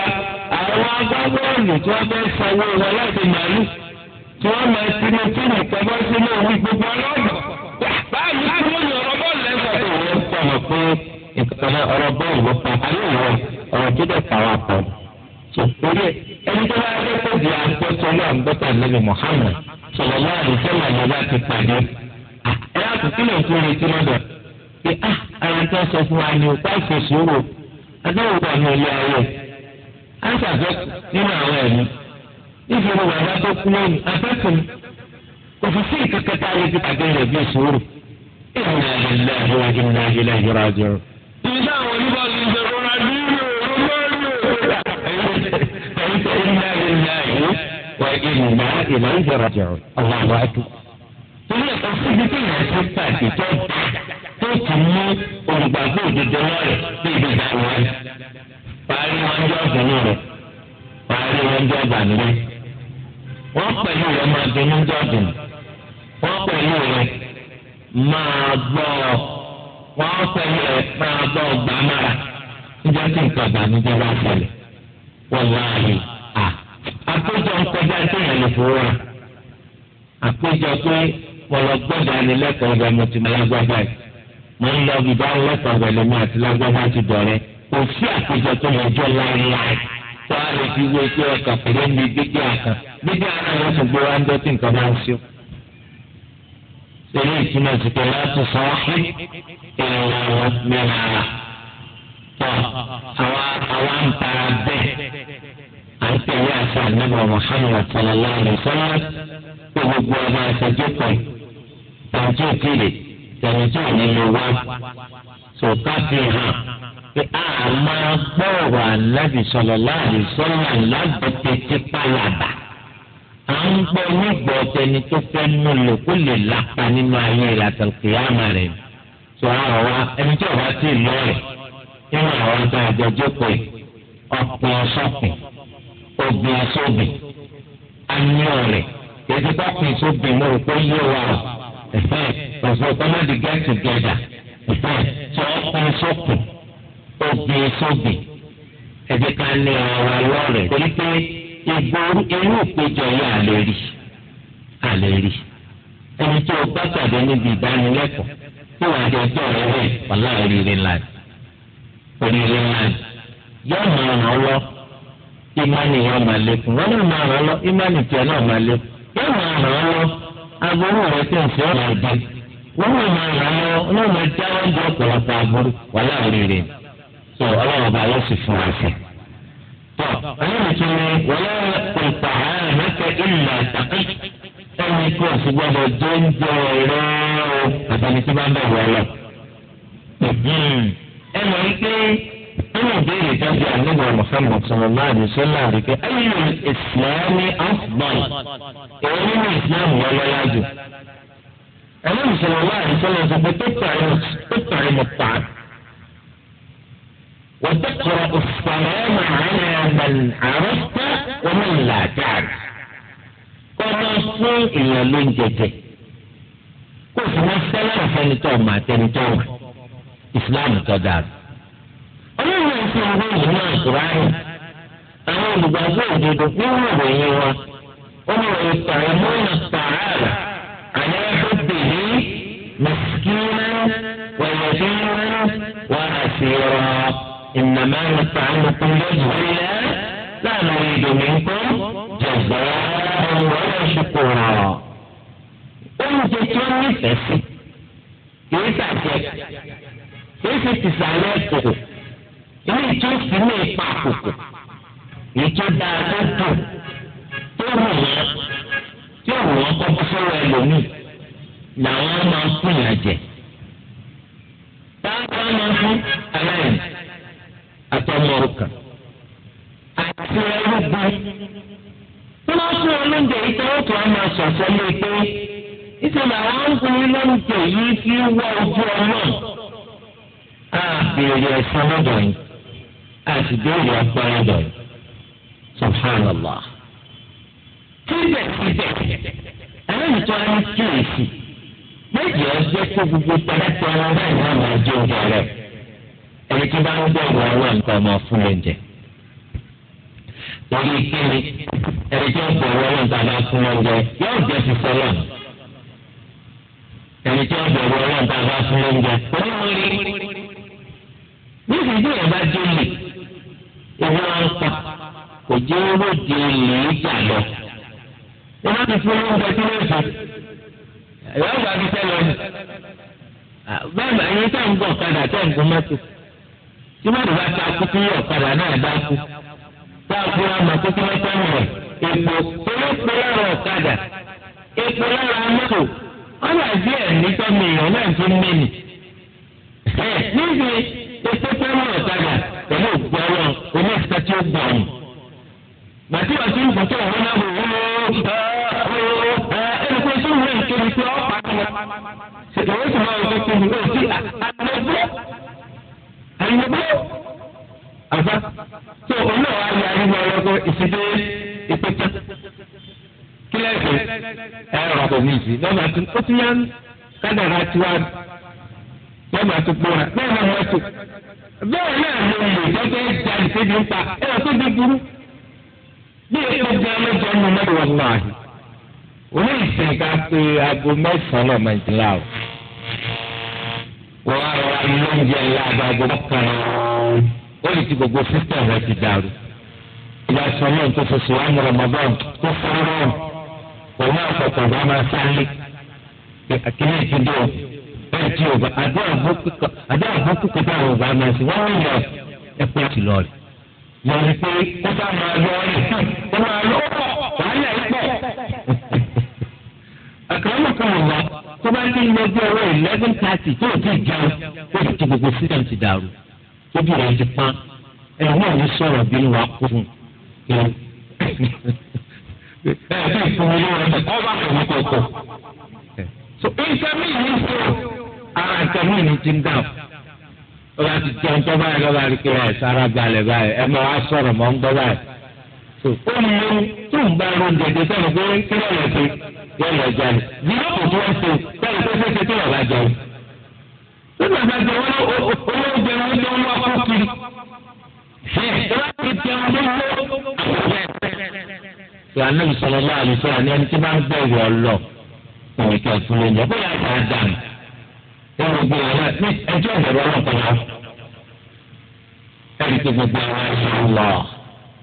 àwọn agbábọ́ọ̀lù tí wọ́n fẹ́ sanwó wọn láti màálù tí wọ́n máa ti ní òwú gbogbo báyìí wọ́n yọ ọ̀rọ̀ bọ́ọ̀lù ọ̀rọ̀ tó dẹ̀ fà wá pọ̀ torí ẹni tó bá yẹ kó di àgbẹ̀tọ̀ lọ àgbẹ̀tọ̀ lẹ́nu Muhammad sọ̀rọ̀ náà lè fẹ́ wà lọ́ba ti pàdé ẹ yàtọ̀ kí lè fún retí lọ́dọ̀ pé a ara tó sọ fún wa ni òkú àfẹsẹ̀ wò adáwò wà ní ilé ayé a ń ṣàfẹ́ nínú àwọn ẹ̀mí nítorí wàhálà tó kú lónìí afẹ́kùn kò fi sí ìkẹ́kẹ́ tá a lè fi pàdé rẹ̀ bí ìṣòro ìrìnàjò ìlàjò ìrìnàjò ìlàjò ìrìnàjò. ìdí àwọn oníbà وإنا إليه راجعون الله أكبر torí ẹ̀ka síbi tí ìyá ti pàdé tó tó ti mú olùgbàgbọ́ òdodo lọ́rẹ̀ ní ibi ìdáná rẹ̀ parí wọn jọ ọ̀dùnú rẹ̀ parí wọn jọ ọ̀dànílẹ̀ wọ́n pẹ̀lú rẹ̀ máa dunú jọ ọ̀dùnú wọ́n pẹ̀lú rẹ̀ máa gbọ́ wọ́n pẹ̀lú rẹ̀ máa gbọ́ ọgbà mára níjẹ́ tí nǹkan ìbànújẹ́ bá ṣẹlẹ̀ wọ́n láàyè à àpéjọ kọjá tó yàn lè fowó rà àpéjọ pé pọlọ gbọ́dọ̀ ànilẹ́kọ̀ọ́ ọgbà mo ti mọ lágbàgbà yìí mo ń lọ bíbá lẹ́kọ̀ọ́ ọgbà lèmi àti lágbàgbà ti dọ̀rẹ́ kò sí àpéjọ tó yàn jọ láéláé tó a lè fi wé pé ọkà pẹ̀lú mi gbígbé àkàn gbígbé àkàn wọn sì gbé wá ń dọ́tí nǹkan bá ń ṣe. eléyìí túmọ̀ sí pé láti san áhìn ìrìn àwọn mìíràn àwọn àwọn ń tara bẹ́ẹ̀ ànábì Muhammad sallallahu alaihi wasallam pé gbogbo ọmọ àtẹjọ kan tàǹtí òkèlè tàǹtí ònílò wá sọ̀ká fi hàn pé a máa gbọ́ọ̀rọ̀ ànábì sallallahu alaihi wasallam lábẹ́tẹ̀ tí pàlàbà à ń gbọ́ nígbà ọ̀tẹni tó fẹ́ mú lò kó lè lápá nínú ayé ìlàtọ̀ kìyàmà rẹ̀ sọ àwọn wa ẹni tí ọba ti lọ rẹ̀ nínú àwọn ọ̀tá àjọjọpọ̀ ọ̀pọ̀ ọ̀sọ̀pọ̀ obìnrin sóbì anyọ rẹ èyí bá pin sóbì mo rò pé yé wa ọ̀sẹ̀ kọ́mọ́dé get together tí ọkùnrin sókùn obìnrin sóbì ẹ̀jẹ̀ ká ní ara lọ́rẹ̀ torí pé ìgboro irú ìpéjọ yìí àlè rí àlè rí ẹni tó o bá tàbí níbi ìdánilẹ́kọ̀ọ́ tí wàá di ọjọ́ rẹ rẹ̀ wàhálà oríire ńlá oríire ńlá yóò máa ọ́ lọ́wọ́ ìmánì yẹn máa lékún wọn náà máa ràn án lọ ìmánì tiẹ̀ náà máa lékún yóò máa ràn án lọ agbóró rẹ tí ń fi ọ̀nà ìdí wọn náà máa ràn án lọ náà máa já wọn jẹ ọ̀pọ̀lọpọ̀ agbóró wà láàrin rẹ̀ tó ọlọ́run bá lọ sí fún àfẹ́. tó ọlọ́run tún ní wọlé ìpà àárẹ̀mẹ́tẹ̀ ìlà ìtàkì ẹni kó o sì gbọ́dọ̀ jẹ oúnjẹ rẹ àtẹnití bá ń bẹ̀rù ọlọ nínú ìbéèrè jáde àlejò Muhammad sallallahu alaihi wasallam rí pé ayé ìsìlámì afdal èyí nínú ìsìlámù wọn lọ́yà jù ẹlẹ́yìn sallallahu alaihi wasallam sọ pé tó tàrí mọ̀ tàrí wọ́n tó kọ̀rọ̀ ìsìlámù àyẹ̀mẹ̀ àrọ́pẹ́ wọn ní ìlàjáde kọ́ máa fún èèyàn ló ń jẹjẹ kó fún wọn sẹ́lẹ̀ fẹ́ni tó ọmọ àtẹnitọ́ wọn ìsìlámù tó dáa. tí ń wé ìlú àkùránì àwọn olùgbàgbọ́ òdodo nínú ìròyìn wọn wọ́n mọ̀ ìtàn ìmúnà pààrà àní ẹ̀fọ́dè ní mẹ̀sìkínà wẹ̀yẹ̀dínà wà àṣírọ̀ ìnàmá nípa àmọ̀kùn lọ́jọ́ ilẹ̀ láàrin ìdòmí ńkọ́ jẹ̀gbọ́ ọ̀rọ̀ ìṣùkùrọ̀ oúnjẹ tí ó nífẹ̀ẹ́ sí kì í sàjẹ́ kì í sì tìsàlẹ̀ kòkò. eléyìí tó sì ní ipa àkókò èyí tó dáa tó tó rù wọn tí ò wọ́n kọ́ fọ́wọ́ ẹlòmíì làwọn máa ń fún yàn táwọn máa ń fún aláìní àtọmọrùkà àti ẹlẹ́gbẹ́ tí wọ́n fún wọn lóúnjẹ yìí tún wọn máa sọ̀sọ́ lé pé nítorí àwọn ọkùnrin ọlọ́ọ̀ yìí. àsìkò ìlú ọpẹrẹ dọ subhanallah síbẹ̀síbẹ̀ ẹlẹ́yìn tó á ní kíyèsí méjì ọjọ́ tó gbogbo pẹ̀lẹ́pẹ̀ ọ̀rọ̀ náà ní àwọn àjọ ọ̀gá rẹ̀ ẹni tó bá ń gbọ́ ọ̀rọ̀ ọ̀rọ̀ nǹkan ọmọ fún lóúnjẹ. torí kíni ẹni tó ń gbọ́ ọ̀rọ̀ ọ̀rọ̀ nǹkan ọmọ fún lóúnjẹ yóò jẹ́ fífọ́ lọ́nà. ẹni tó ń gbọ́ ọ̀rọ̀ ọ̀rọ̀ nǹkan ọmọ fún lóúnjẹ onímọ̀rí nígbà tí ìyẹn bá dé lè ìwé wọn pa kò jẹ́ owó di ilé ìjà lọ. ìwé ti fi owó oúnjẹ tí wọ́n fi ìwé ọ̀gá fi tẹ́ lọ. bẹ́ẹ̀ bá yín tẹ̀ ń gbọ́ ọ̀kadà tẹ̀ ń gun mọ́tò. tí wọ́n bá ta kúkú ọ̀kadà náà dákú. tá a fún ọmọ kúkú mọ́tò rẹ̀ èpo owó pé lára ọ̀kadà èpo lára mọ́tò ọ̀là díẹ̀ nítọ́mìíràn náà tún mẹ́nì. ẹ̀ níbi ètò tẹ́lẹ̀ ọ̀kadà pẹ̀lú ìgbọ́ ọlọ́run oní ìsìkà tí ó gbọ̀ ọ̀hún. Màtí wàá tún bọ̀tọ̀ ọ̀hún náà wò ó ẹni pé tí ìwé ìkéde pé ọ́ pa kọ́. Ìwé tí wọ́n yọ kó ìwé sí àlejò. Àlejò. Àbá. Tó òun náà wá yẹ àyè lọ lọ́kọ́ ìsìdé ìpẹ́tẹ́. Kílẹ̀ ẹ̀fẹ̀ ẹ̀rọ àbọ̀ mi ìsì lọ́ba tó ti yá kádàrá tiwa yóò máa ti kpó ra bẹ́ẹ̀ náà wọ́n ti bẹ́ẹ̀ náà ló lè lọ́gbẹ́ ìjà ìṣèjì ń pa ẹ wọ́n tó di burú bí èyí ló jẹ́ ọlọ́jọ́ nínú mọ́tò wọn lọ àyè òun ìsìn ká pé aago mẹ́sàn-án lọ́mọ ìdílé àwọn wọ́n á rọra lóúnjẹ ńlá aago mọ́kànlá ó lè ti gbogbo sísítẹ̀ rẹ ti dàrú ìgbà sọ́nà tó fòṣù wà ní Ramadan tó fọ́nrán òun àfọ̀tàn bá àti ọba àdé àbókù kọta ọba náà sí wọn yọ ẹ̀kọ́ ti lọ rẹ yọ ní pé ó bá máa lọ rẹ ó máa lọ pọ wàhálà yìí pọ. àkàrà kan wà tó bá ní ìlẹ́jọ́ owó eleven thirty tó o ti jẹun ó sì ti gbogbo sílẹ̀ ti dàrú ó bí rẹ̀ ti pọ́n ẹ̀rọ náà ní sọ̀rọ̀ bí wàá kó fún un ẹ̀ẹ́dẹ́gbẹ̀rún ló rẹ̀ ọba kò ní kọ̀ọ̀kọ̀. so nǹkan mi yìí ń sọ ara nǹkan mí ni ti ń dà ó bá ti jẹun tó báyìí lọ́ba rí pé ẹ̀ sára balẹ̀ báyìí ẹ máa wá sọ̀rọ̀ mọ́ ń gbọ́ báyìí. ó ní ohun tó ń bá ro dèdè sọ̀rọ̀ pé kí ló lọ sí yóò lọ jalè nínú kò tó ń so bẹ́ẹ̀ tó ṣe ṣe tó lọ́ba jẹun. tó lọ́ba jẹun olóògbé wọn ló ń wá kó kiri. ṣé anábìsọ̀rọ̀ bá àlùfáà ní ẹni tí lọ òun kẹ́ fún lóúnjẹ bóyá ìta nínú gbé ọlọ́ọ̀ ní ẹjọ́ ìbẹ̀rù ọlọ́ọ̀kan lọ. ẹ̀rí pé gbogbo àwọn ẹ̀yà lọ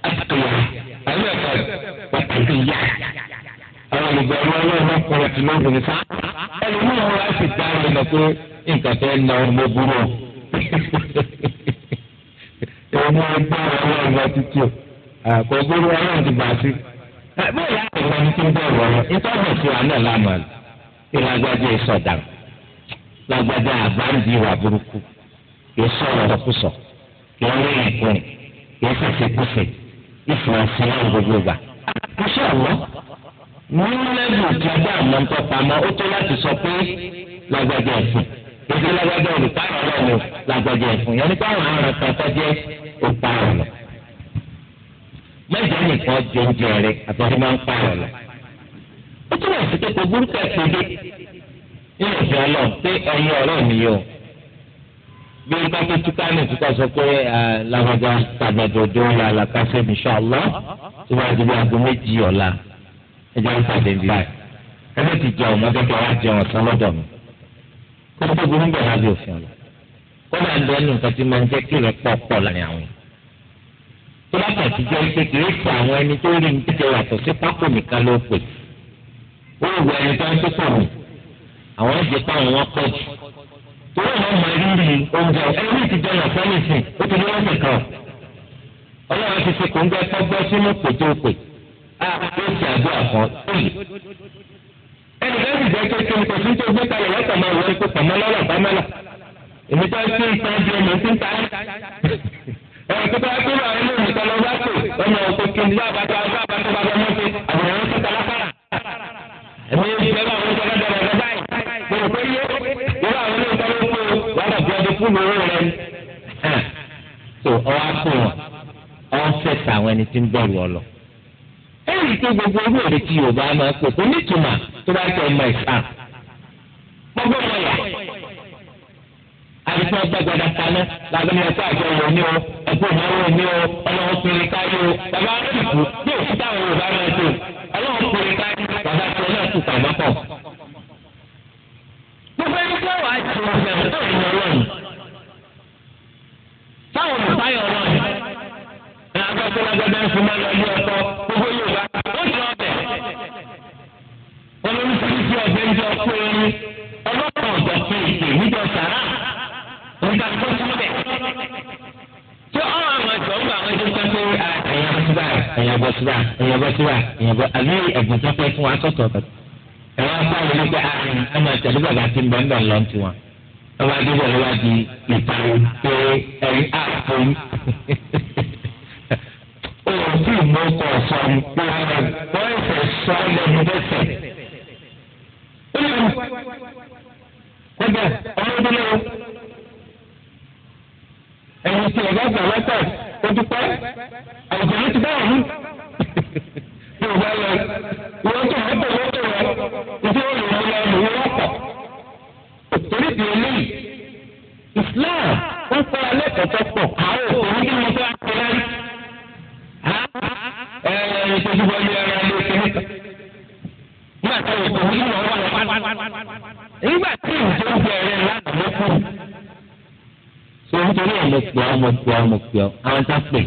àtúnyà àwọn ẹ̀kọ́ pàtàkì yá. àwọn olùbẹ̀rù ọlọ́ọ̀kan kọ̀ọ̀rọ̀ tí ló ń gbìn sá. ẹlòmíràn wọn á sì dá ọ lọ pé nǹkan fẹ́ na ọmọ burú ọ. ẹ̀wọ̀n ẹgbẹ́ ọlọ́ọ̀kan lọ títí o. àkọ́gbọ́n ọlọ́ọ̀kan ti bà sí. bóyá àwọn ọmọ lágbájá àbáǹdì wà burúkú kì í sọ̀rọ̀ sọkúsọ kì í rìn ìkùnrin kì í fẹsẹ̀ kúfẹ̀ ìfúnasí náà gbogbo gbà. Iṣẹ́ ọ̀wọ́ ní lẹ́bù tí a bá àmọ́ ńkọ́ pamọ́ ó tó láti sọ pé lágbájá ẹ̀sìn èdè lágbájá olùkárọ̀ ọlọ́run lágbájá ẹ̀sìn yẹn nípa àwọn aràn kan tó jẹ́ òparọ̀ lọ. Mẹ́jọ nìkan jẹ oúnjẹ rẹ̀ àtọ́jú máa ń parọ̀ lọ. Ó túbọ̀ sí pé kò burúkú ẹ̀ ní ìfẹ́ ọlọ́run pé ẹ̀yin ọ̀rẹ́ mi yọ bí n bá tó túká ní ìtúkọ̀ sọ pé làwàjà tàbẹ̀dọ̀dọ̀ la làkàṣẹ́ mi ṣàlọ́ tó bá di bí aago méjì ọ̀la ẹjọ́ ń pàdé níbà ẹgbẹ́ ti jẹun mọ́tẹ́kẹ́ wá jẹun ọ̀sán lọ́dọ̀ mi kó tó burú bẹ̀ lábẹ́ òfin ọ̀la kó máa ń dẹnu nǹkan tí máa ń jẹ́ kí rẹ̀ pọ̀ pọ̀ láàrin àwọn tó bá kàn ti àwọn ẹ̀jẹ̀ pa àwọn wọn pọ̀ jù torí àwọn ọmọ rírì oúnjẹ ẹni tí dọ́là sẹ́lẹ̀sì ó ti ní wọ́n ti kàn ọlọ́run ti ṣe kóńgbẹ́ tọ́gbẹ́ sínú kòtòkè àti ìṣe àdúrà kan tóyè ẹni lẹ́yìn ìjẹ́ o tó nǹkan tó gbé kalẹ̀ lọ́tọ̀ máa wọlé kó pamọ́ lọ́rọ̀ bámẹ́là èmi tó ń tún ìtàn jẹ mọ̀ tún ta ẹ̀rọ tó bá tó lọ ẹni lónìí lọ bá tó ọmọ òkú kí n bá bàtà bá bàtà bàtà mọ́tò àbẹ̀rẹ̀ wọn tó ta lápára ẹ̀mí ìfẹ́ bá wọn kú lówó rẹ tó ọwọ́ àpò wọn ọwọ́ fẹsẹ àwọn ẹni tí ń bẹ̀rù ọ lọ. ẹ rí i pé gbogbo owó èrè tí Yorùbá máa pè kó nítumọ̀ tó bá tẹ ọmọ ìsà gbogbo wọn yà àdìpọ̀ gbàgbọ́dà kaná làbẹ́lẹ̀ ẹ̀kọ́ àjọyọ̀ ní o ẹ̀kọ́ ìnáwó ní o ọlọ́run pèrè káyọ̀ o bàbá àtìkù bí òkú táwọn Yorùbá máa tó ọlọ́run pèrè káyọ̀ bàbá tó náà tó wàá táwọn olùbáyọ̀ ọ̀rọ̀ ni ẹ̀ agbẹ́sẹ̀ lágbẹ́dẹ́ ń fún mọ́lẹ̀ ilé ọkọ gbogbo yorùbá ó jẹ ọbẹ̀ olóríṣiríṣi ọbẹ̀ ń jẹ ọkọ erin ọlọ́pàá ọ̀dọ̀ pé èdè níjọ sàrà nígbà tó tún bẹ̀. tí ọ̀rọ̀ àwọn ẹ̀jọ̀ ń bá àwọn ẹ̀jọ̀ pẹ́ pé ah, ẹ̀yàn bọ́ síbà ẹ̀yàn bọ́ síbà ẹ̀yàn bọ́ síbà ẹ̀yàn bọ́ àbí ẹ̀bùn tó pẹ́ fún wa sọ̀tọ̀ ẹ̀wọ̀n apá ìlú lọ́ba débẹ̀ lọ́ba di ìpàrọ̀ pé ẹ̀rí àpòyí. òbí mi kò sọ pé wọ́n ẹ̀fẹ̀ sọ lẹ́nu dẹ́sẹ̀. ó lè wù kódà ọlọ́dún lọ́wọ́ ẹ̀yìn tí ẹ̀gá gbà lọ́tọ̀ ó ti pẹ́ ló ti bá wà ní. bí o bá lọ ìwọ́n tó wọ́n tó wọ́n tó wọ́n ìdí òòlù wọn lọ́wọ́ lọ́wọ́ torí bí eléyìí Islam ó kọ́ alẹ́ kọ̀ọ̀kan pọ̀ àwọn òun ní wọn fẹ́ akọ̀lárí. ẹ ẹ ìtọ́jú bọ́ ilé ara ilé kẹ́lẹ́ kan. nígbà tí òun kò ní wà lọ́wọ́. nígbà tí ìjọ ń bẹ̀rẹ̀ lánàá ló kù. sọ nítorí ẹ̀ mo pè ọ́ mo pè ọ́ mo àwọn tá àwọn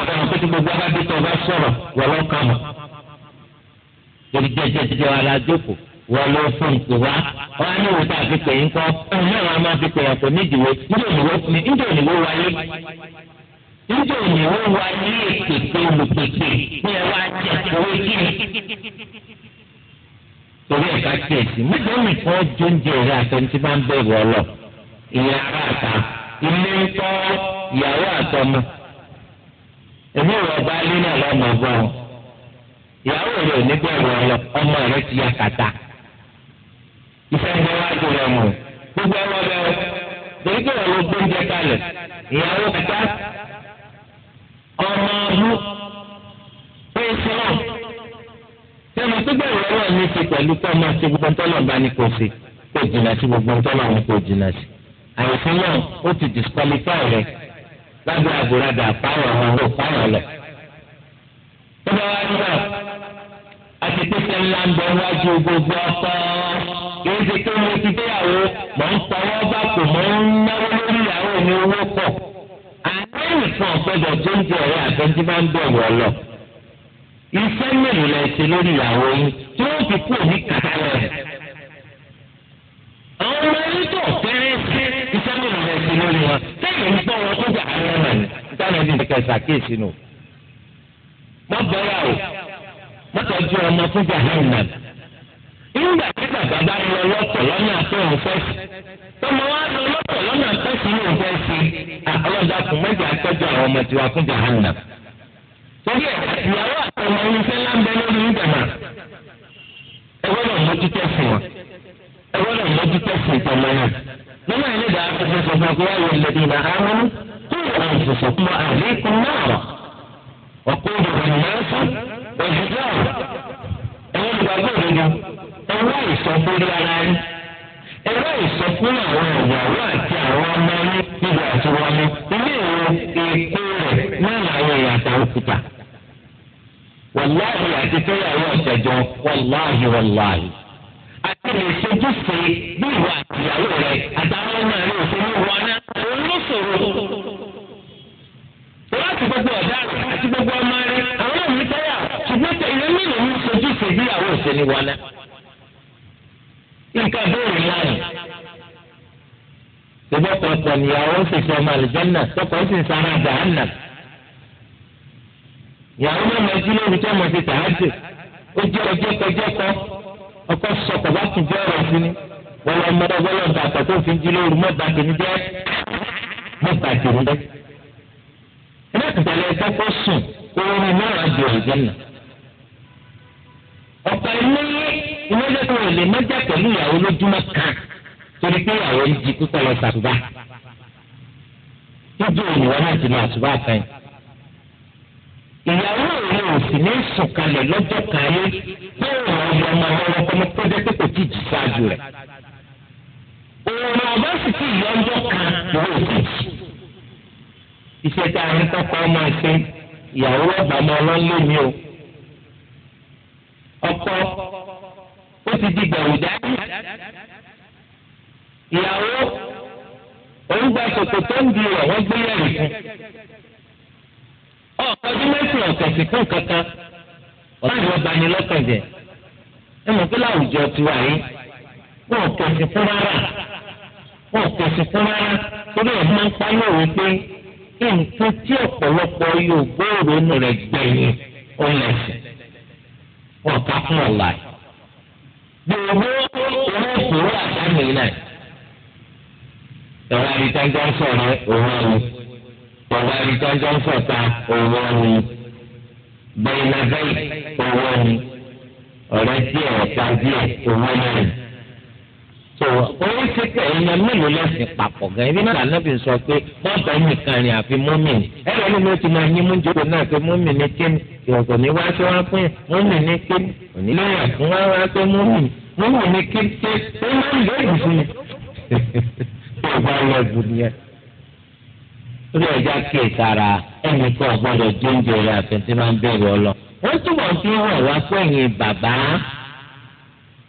ọ̀wà tó ti gbogbo torí jẹjẹjẹ wa la jókòó wọ́n ló fún ìpè wá wọ́n á ní ìwé tá a fi pè é ńkọ́ ọ̀hún náà wọ́n á máa fi pè é kò ní ìdìwé níjẹ́ òníwó ni níjẹ́ òníwó wáyé níjẹ́ òníwó wáyé èpèpè olùpèpè ní ẹ wá jẹ owó kíni. torí ẹ̀ ká kíyèsí mẹ́jọ nìkan jó ń jẹ ìrẹ́ àtẹnudí máa ń bẹ̀rù ọlọ ìyẹn ara àta ilé ń kọ́ ìyàwó àtọmọ èmi ìwọ̀n bá lé náà lọ́mọ ìyàwó rẹ ò ní ọlọ ọmọ rẹ ti ya kàtà ìfẹ́ ń bẹ wájú rẹ gbogbo ọmọ rẹ o torí pé ọ̀rọ̀ gbóúnjẹ kalẹ̀ ìyàwó kàtà ọmọ ọmú pé ní pẹ̀lú pé ọmọ ti gbogbo bá ní kò sí kò jìnnà sí gbogbo ní kò jìnnà sí àyẹ̀fọ́ náà ó ti disqualify rẹ lábẹ́ àti títẹ ńlá ń bẹ wájú gbogbo ọkọ kìí ṣe pé mo ti gbéyàwó mọ̀ ń tọwọ́ bá kò mọ̀ ń náwó lórí ìyàwó mi owó pọ̀ àárín nǹkan ọ̀gbọ́dọ̀ tó ń jẹ ọ̀rẹ́ àtẹ́jú máa ń bẹ̀rù ọ lọ. iṣẹ́ mélòó lẹ ṣe lórí ìyàwó yín tí wọ́n fi kú òní kàkà rẹ̀. àwọn ọmọ yín tó fẹ́rẹ́ sí iṣẹ́ mélòó lẹ ṣe lórí wọn sẹ́yìn ń gbọ́ wọn tó gbà á lọ́rùn ní mọ́tọ́jú ọmọ fún jahannam nígbà tí bàbá bá ń lọ lọ́tọ̀ lọ́nà tó ń fẹ́ sí tọmọ wa lọ lọ́tọ̀ lọ́nà tó sì ń fẹ́ sí ọlọ́dà kùn mẹ́jọ àtọ́jú àwọn ọmọ tiwa fún jahannam torí ẹ̀ ìyàwó àtọmọ oníṣẹ́ ńlá ń bẹ lórí ìgbàmà ẹ gbọ́dọ̀ mójútó fún wọn ẹ gbọ́dọ̀ mójútó fún ìtọ́mọ náà nínú ẹ̀ nígbà afẹ́fẹ́ sọ fún akọ́wá yẹn lẹ́dí ìlà ààrùn tó ìrọ̀ Islam ẹ̀yin ìgbàgbọ́ òdodo ẹ̀rọ ìsọfúnni ara yín ẹ̀rọ ìsọfúnni àwọn ìyàwó àti àwọn ọmọ yín níbi àtiwọlé ilé ìwé èkó rẹ̀ náà làwọn èèyàn àtàwọn òkúta. wàláhì àti fẹ́yàwó ọ̀sẹ̀jọ wàláhì wàláhì. àti lè ṣojúṣe bí ìwà àtìyàwó rẹ̀ àtà ṣe ní wọlé nǹkan bẹ́ẹ̀ ni láàyè ìbọn pọ̀pọ̀ níyàwó sì fi ọmọ àlùjànnà tọkọ sì ń sara jàánà ìyàwó náà máa jí lórí tó máa ti tà á jù ó jẹ́ ọjọ́ kọjọ́kọ ọkọ sọkọ bá tún jẹ́ ọ̀rọ̀ sí ni wọ́n ọmọ ọgbọ́lọ́ bàtà tó fi ń jí lórí mọ́ba kìíní jẹ́ mọ́ba kìíní jẹ́ ẹ̀rọ ìtàlẹ̀ ẹ̀jẹ̀ kó sùn kó wọ́n mú mọ́ra àǹfààní ìmọ̀jẹ̀tọ̀ rẹ̀ lè mọ́jà pẹ̀lú ìyàwó lójúmọ́ kan torí pé ìyàwó ń di púpọ̀ lọ sàtúbà lójú òní wọn láti máa sùbà fẹ́yìn. ìyàwó rẹ̀ ò sì ní sùn kalẹ̀ lọ́jọ́ kan yé bẹ́ẹ̀ ni ọ̀rọ̀ ọmọ ọlọ́wọ́ kọ́mọ tó jẹ́ pé kò tí ì jù sáájú rẹ̀. òun ọba sì ti yọjọ́ kan lọ́wọ́ òkèèjì. iṣẹ́ tá a ń tọ́kọ ọmọ ìṣe ìyàwó ọ̀bàmọ́ ọlọ́lé mi ọkọ ó ti di gbẹ̀rù dání ìyàwó òun gba ṣòkòtò ń di rẹ̀ wọ́n gbé yẹ̀rì fún ọ̀kọ́jú mẹ́sìn ọ̀sẹ̀ sí fún kankan ọ̀sẹ̀ ìwọ̀n bani lọ́kàn jẹ́ ẹ mọ̀ pé láwùjọ tiwa yìí wọn ò tẹ̀sí fún rárá wọn ò tẹ̀sí fún rárá torí ẹ̀ máa ń parí òwe pé nǹkan tí ọ̀pọ̀lọpọ̀ yóò gbóòrò nù rẹ̀ gbẹ̀yìn ó lẹ̀sìn wọn kà fún ọ̀la yìí. gbogbo owó ìṣòro àdáni náà ẹ̀rọ àbíkájọ́ ń sọ̀rọ̀ òun ọ̀hún ẹ̀rọ àbíkájọ́ ń sọ̀ta òun ọ̀hún bẹ́ẹ̀ náà bẹ́ẹ̀ òun ọ̀hún ọ̀rẹ́ díẹ̀ ọ̀tá díẹ̀ òun ọ̀hún so orí títẹ ìyẹn mélòó lẹsìn papọ̀ gan ibi náà lànàbì sọ pé bọ́ọ̀bù nìkan ni àfi múmìnì ẹ̀rọ ni mo ti máa yín mú jókòó náà pé múmìnì ni ìwọ̀sọ̀ ní wá sí wọn pín múmìnì kíni òní lóyún àfún wọn wá pé múmìnì múmìnì ni pé ó máa ń lé ni. mi. ó bá yẹ ẹbùn yẹn ó lè já kí ìtara ẹnì kan gbọ́dọ̀ jóúnjẹ rẹ àfẹntí máa ń bẹ̀rù ọlọ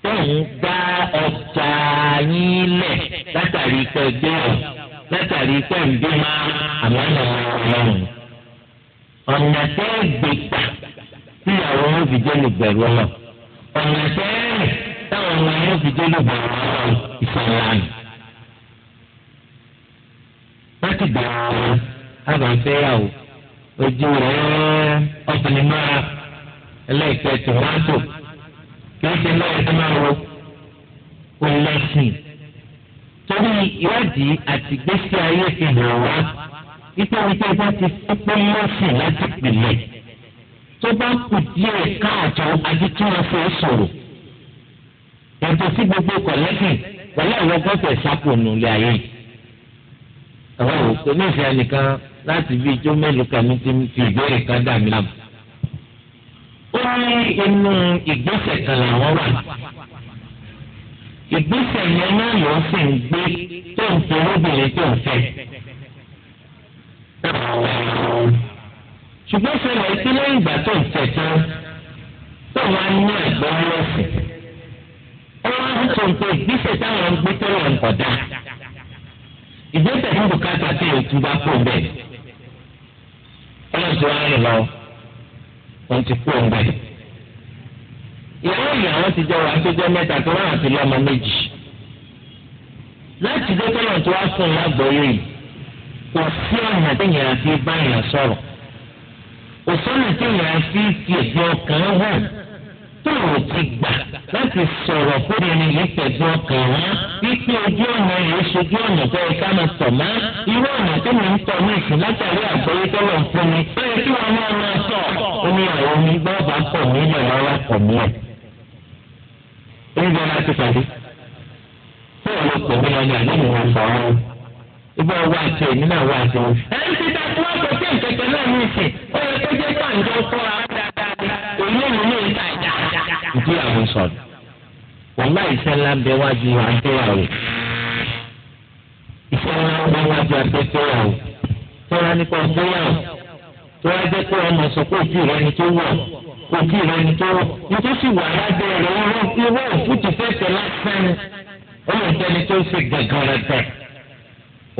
tẹ̀yìn dá ọjà yín lẹ̀ látàrí pé gbéyàwó látàrí pé ìgbéma àmọ́ ọlọ́run ọ̀nà tẹ́ gbègbà tí àwọn ọmọ òfìjẹ́ lè bẹ̀rù ọ̀nà ọ̀nà tẹ́ táwọn ọmọ òfìjẹ́ lè bẹ̀rù ọ̀nà ìfọ̀nlànà láti dàrú àgbàfẹ́yàwó ojú rẹ̀ ọ̀pìnrin máa ẹlẹ́ẹ̀kẹ́ tòmátò kìí ṣe náà ẹsẹ máa wọ ọlẹsìn torí ìwádìí àti gbèsè ayé fi hàn wá ipa wípé bá ti pípé lọ́sìn láti pìlẹ̀ tó bá kù díẹ̀ káàtó adítúnwọ̀fẹ́ sọ̀rọ̀ yàtọ̀ sí gbogbo kọ̀lẹ́sìn pẹ̀lú àwọn gbọ́dọ̀ sápò nulẹ̀ ayé àwọn òkú nífẹ̀ẹ́ nìkan láti bí ijó mélòó kan mi ti fi ìbéèrè kan dà mí láàmú ó ní inú ìgbésẹ̀ kan làwọn wà ìgbésẹ̀ yẹn náà ló sì ń gbé tó ń fi olóbìnrin tó ń fẹ́. ṣùgbọ́n ṣẹlẹ̀ sí lẹ́yìn ìgbà tó ń fẹ́ tán tó wàá ní ẹ̀gbọ́n lọ́sẹ̀. ọlọ́run ń sọ pé ìgbésẹ̀ táwọn ń gbé tẹ́lẹ̀ ń kọ̀dá. ìgbésẹ̀ ń bùkátà tí ètò bá kó bẹ́ẹ̀. ọlọ́run ti wá lọ. wọ́n ti kú ọ̀nbẹ. ìyàwó ìyàwó ti jẹ́ wàá tó jẹ́ tó wà àti lọ́mọ méjì. láti dé tọ́lọ̀ tó wá fún un kò sí ọ̀nà tí ìyàrá fi bá ìyàn sọ̀rọ̀ kò sọ́nà tí fi fi ẹ̀jẹ̀ ọkàn tó o ti gbà láti sọ̀rọ̀ fún ẹni nípẹ̀jọ́ ọkàn wọn wípé ojú ọ̀nà yìí ṣojú ọ̀nà tó yẹ ká máa tọ̀ mọ́ irú ọ̀nà tó mi ń tọ̀ ní ìsìn látàrí àgbáyé tó lọ fún mi ó yẹ kí wọn máa máa tọ̀ ó ní àwọn omi bọ́ọ̀bà pọ̀ mí lẹ̀ lọ́wọ́ pọ̀ mí ẹ̀. oúnjẹ láti pàdé tó o lè pọ̀ mí lọ ní àlejò wọn ọ́ ibà wà àti èmi náà wà àti wọn. ẹ ti ìkẹ̀kẹ̀ náà ní ìsìn ó yẹ kó jẹ́ pàǹjọ́ fún ara dáadáa ìgbéyàwó sọ̀rọ̀ wàhálà ìṣẹ́ ńlá ń bẹ wájú àgbéyàwó ìṣẹ́ ńlá ń bẹ wájú àgbéyàwó tó wá nípa ọgbéyàwó tó wá jẹ́ pé ọmọ sọ pé òbí rẹ ni tó wọ̀ òbí rẹ ni tó wọ̀ nítòsí wà lábẹ́ rẹ irọ́ òfútù fẹ́fẹ́ lásán ó lè jẹ́ni tó ṣe gàgàn rẹ tẹ̀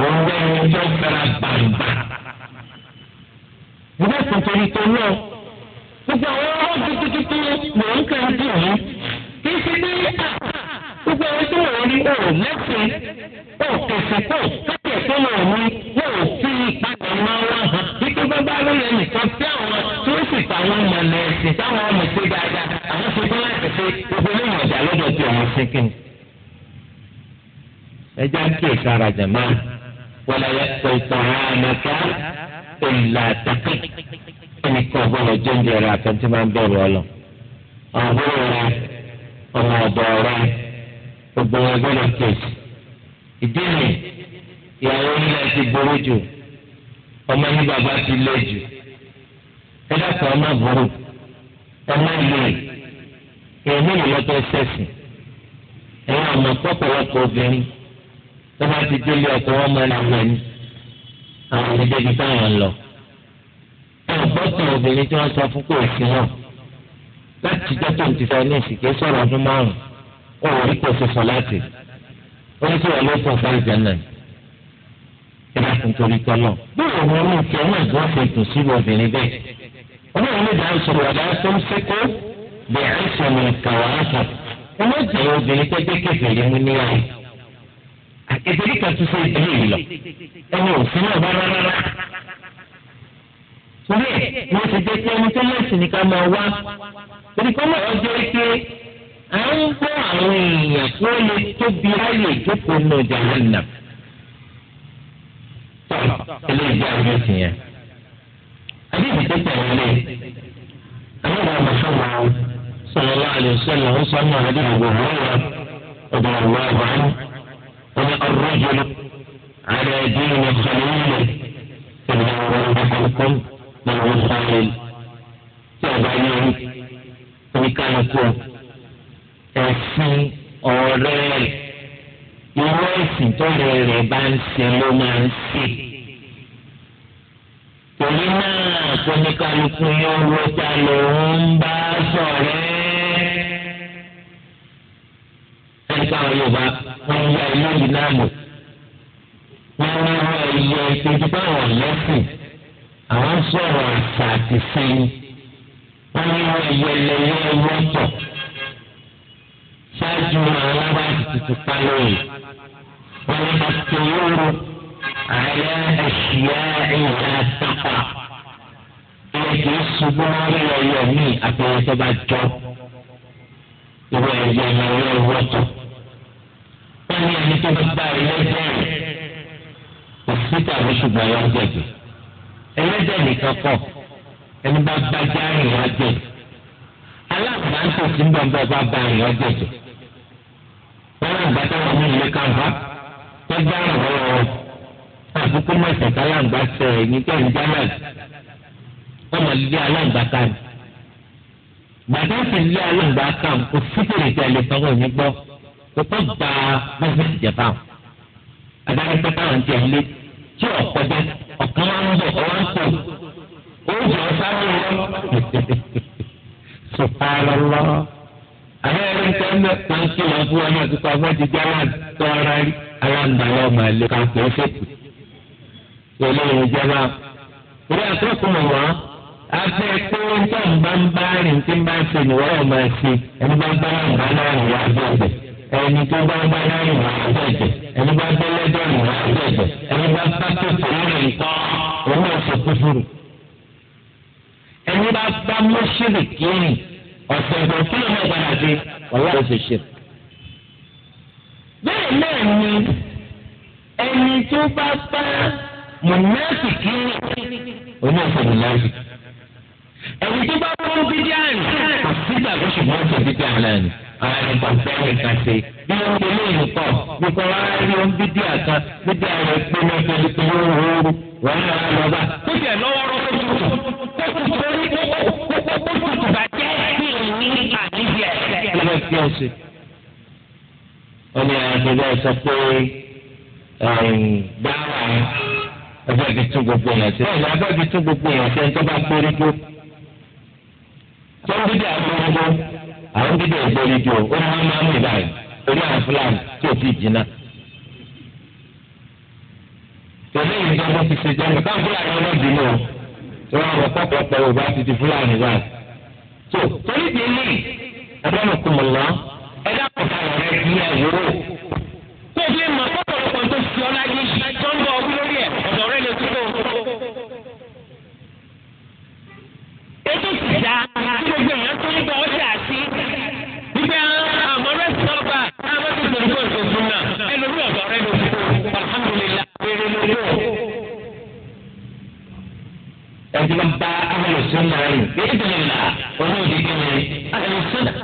òun rẹ̀ ń yọ gbẹ̀rẹ̀ bàǹbà. ìwé ìtòtòrí tó náà gbogbo àwọn ọmọ tuntun mò ń kàn dì mí kí sí ní gbogbo àwọn tó wọ̀ ní o mẹ́sìn o pèsè pò káyọ̀ tó lọ mí o fi ìpadà máa wá hàn wípé bábá ló yẹ nìkan sí àwọn tó sì fàwọn ọmọlẹ ẹ̀sìn táwọn ọmọ ṣe dáadáa àwọn ṣe tó láti ṣe gbogbo ní ìmọ̀jà kí ni. ẹ já kí èso ara jẹ̀ máa wọlé ẹ̀ pẹ̀lú ọ̀hún àmọ́ká ìlà àtàkùn ẹnìkan gbọ́dọ̀ jẹ oúnjẹ rẹ àtẹntí máa ń bẹ̀rù ọlọ àbúrò rẹ ọmọ ọ̀dọ̀ rẹ gbogbo rẹ gbọ́dọ̀ kéèsì ìdí mi ìyàwó nílẹ̀ ti burú jù ọmọ ní bàbá ti lé jù ẹ dàpọ̀ ọmọ burú ọmọ ìlú èmi ìlú lọ́tọ̀ ṣẹ̀sìn ẹ̀yin ọmọ pọ̀pọ̀lọpọ̀ obìnrin tó ti délé ọkọ wọn máa ń ẹni àwọn ìdíje ibi táwọn ń lọ ọgbọ́tàn obìnrin tí wọ́n sọ fún kò sí náà láti dọ́tọ̀ ti fẹ́ ní ìsìnkú sọ̀rọ̀ ọdún márùn-ún wọn ò rí kò sí sọ láti wọ́n sì wọ́n ló sọ fún ìjẹ́nà ìlà nítorí tọ́lọ̀ bẹ́ẹ̀ ni wọ́n ní ìfẹ́ náà wọ́n fi dùn sí obìnrin bẹ́ẹ̀ ọlọ́run lè dáhùn sọ̀rọ̀ ọ̀dà tó ń sékó bẹ́ẹ̀ àìsàn ní kàwá àṣà ọmọ ìjẹ́ obìnrin tó jẹ́ kékeré mú níyàwó àkẹ́kẹ́ torí ẹ̀ wọ́n ti jẹ́ kí ẹni tó lẹ́sìn ní ká máa wá torí kọ́ máa jẹ́ pé à ń gbọ́ àwọn èèyàn tí ó lè tóbi ráyè ìjókòó nù jàǹdà tọ́ eléyìí jẹ́ àwọn ẹ̀sìn yẹn àbí ìdíje tẹ̀lé lé àwọn ọmọ mọ̀ṣọ́mọ́ sọ̀rọ̀ láàlẹ́ sọ̀rọ̀ ó sọ ní àdé ìgbò wọ́ọ̀rọ̀ ọ̀dọ̀ ọ̀rọ̀ ọ̀rọ̀ ọ̀rọ̀ ọ̀rọ̀ ọ̀rọ̀ على دين خليله فلو رحمكم máa wọ sáré tí ọba yẹn oníkálukú ẹ̀sìn ọ̀rẹ́ irú ẹ̀sìn tó lè rẹ̀ bá ń ṣe ló máa ń ṣe. Torí náà oníkálukú yóò wọ ta lòun ń bá sọ̀rẹ́. Ẹ̀ka Yorùbá wọ́n ya ilé yìí náà mọ̀. Wọ́n wá ẹ̀yẹ ìpèjì báwọn lẹ́sìn àwọn sọ̀rọ̀ àṣà àti sẹ́yìn wọ́n ní wọ́n yẹlẹyẹ mọ́tò ṣáájú àwọn bá tuntun pa lóye wọ́n ní bá tó yóò àyà ẹ̀ṣìyà ìyá àtàkà ilé kìí ṣubú lórí ẹyẹ mi àtẹ̀yẹ tó bá jọ ìwé ẹ̀yẹ yẹlẹyẹ mọ́tò wọ́n ní ẹni tó bá bá ilé jẹ́ òṣìṣẹ́ tàbí yọ̀ ń jẹ̀bi ẹlẹ́dẹ̀ nìkan kọ̀ ẹni bá gbájá rìn ọjọ́ aláǹgbá ń tò sí bọ́ńbọ́ bá bá rìn ọjọ́ jù wọn àgbà táwọn mú ilé káfá gbájá rìn ọlọ́wọ́ àbúkú mọ̀sẹ̀ káláǹgbá sẹ̀ ẹ̀yìn tó ń jálẹ̀ ọmọ lílé aláǹgbá kan gbàdá sì ń lé aláǹgbá kan kò síkèrè tí a lè sanwó ní gbọ́ kò tó gba bọ́sẹ̀ ìjẹ̀fà àdáyé pẹ́ táwọn ti ẹ̀ tí ọ̀pọ̀ bẹ́ẹ̀ ọ̀kan máa ń bọ̀ ọ̀wá ń pè ó jẹ́ ọ̀sá ní ìlú. Subhanallah. Àwọn ẹ̀rí ń tẹ́lẹ̀ máa ń kí wọn fún wọn náà kíkọ́ ọgbọ́n ti jẹ́ wọn tó ara rí. Aláǹdàlọ́ máa lè kàn pé ó fèkì. Olóyìn ìjọba. Orí àtúntò mọ̀ wọ́n afẹ́ pé ń tọ́ ń bá ń bá rìn tí ń bá ń ṣe ìwọ́n máa ṣe ń bá ń bá ń bá náà rìn wá bẹ́ẹ̀ ẹni tó bá bá lẹ́yìn wà àbẹ̀jẹ̀ ẹni bá bá lẹ́dọ̀rìn wà àbẹ̀jẹ̀ ẹni bá bá tètè lórí nǹkan òun ọ̀sẹ̀ kúfúrú. ẹni bá bá mọ́ṣírì kírì ọ̀sẹ̀ ìgbọ̀n kí ló máa gbára dé ọ̀la ọ̀sẹ̀ ṣe. bẹ́ẹ̀ náà ni ẹni tó bá bá mọ̀nẹ́sì kírì òun ọ̀sẹ̀ mọ̀nẹ́sì. ẹni tó bá bá bídíà rẹ̀ àfíìsà kò ṣùgbọ́n àti ìdíje àlẹ́ ni àwọn ẹni gbàgbọ́ ẹni kan ṣe bí wọ́n ti lé ìrìnkọ́ nípa wọn á rí ohun bídí àkan bídí àrẹ pinnu pẹ̀lú pẹ̀lú òru wọn ní àwọn ọlọ́ba. ó jẹ lọ́wọ́ rọ fún mi ó ti bàjẹ́ kí ni àníbi ẹ̀ṣẹ̀. ó lọ sí ọ̀sẹ̀ wọ́n ní àgbẹ̀bẹ̀ sọ pé dáhà ẹgbẹ́ ti tún gbogbo yẹn ṣe. ẹ̀yìn abẹ́ ti tún gbogbo yẹn ṣe ń tọ́ bá péré tó tó ń dídé àgbọ̀ngbọ̀ àwọn dídé ìgbèríko ó ní wọn máa ń rìn báyìí torí àwọn fúlàní tí ò tí ì jìnnà. tẹ̀lé ìjọba ti ṣe jẹun ká fúlàní ọlọ́dún náà tí wọ́n rọ pọ́pọ́pọ́ yorùbá ti di fúlàní báyìí. tó torí ti ní ọ̀dọ́mọkùnmọ̀lá ẹ̀dá ọ̀gá rẹ̀ ní ẹ̀yọ́rọ̀ tó fi mọ̀ pọ́pọ́pọ́ tó fi ọ ó tún sì dá gbogbo èèyàn tó nígbà ó dà sí. gbígbé àmọ́ rẹ́sì ọgbà àwọn tó lórí alhamdulillah rere lórí o. ẹ̀sìn máa bá alùsùn náà rìn bí ìdílé là olóòdì kí ni alùsùn náà.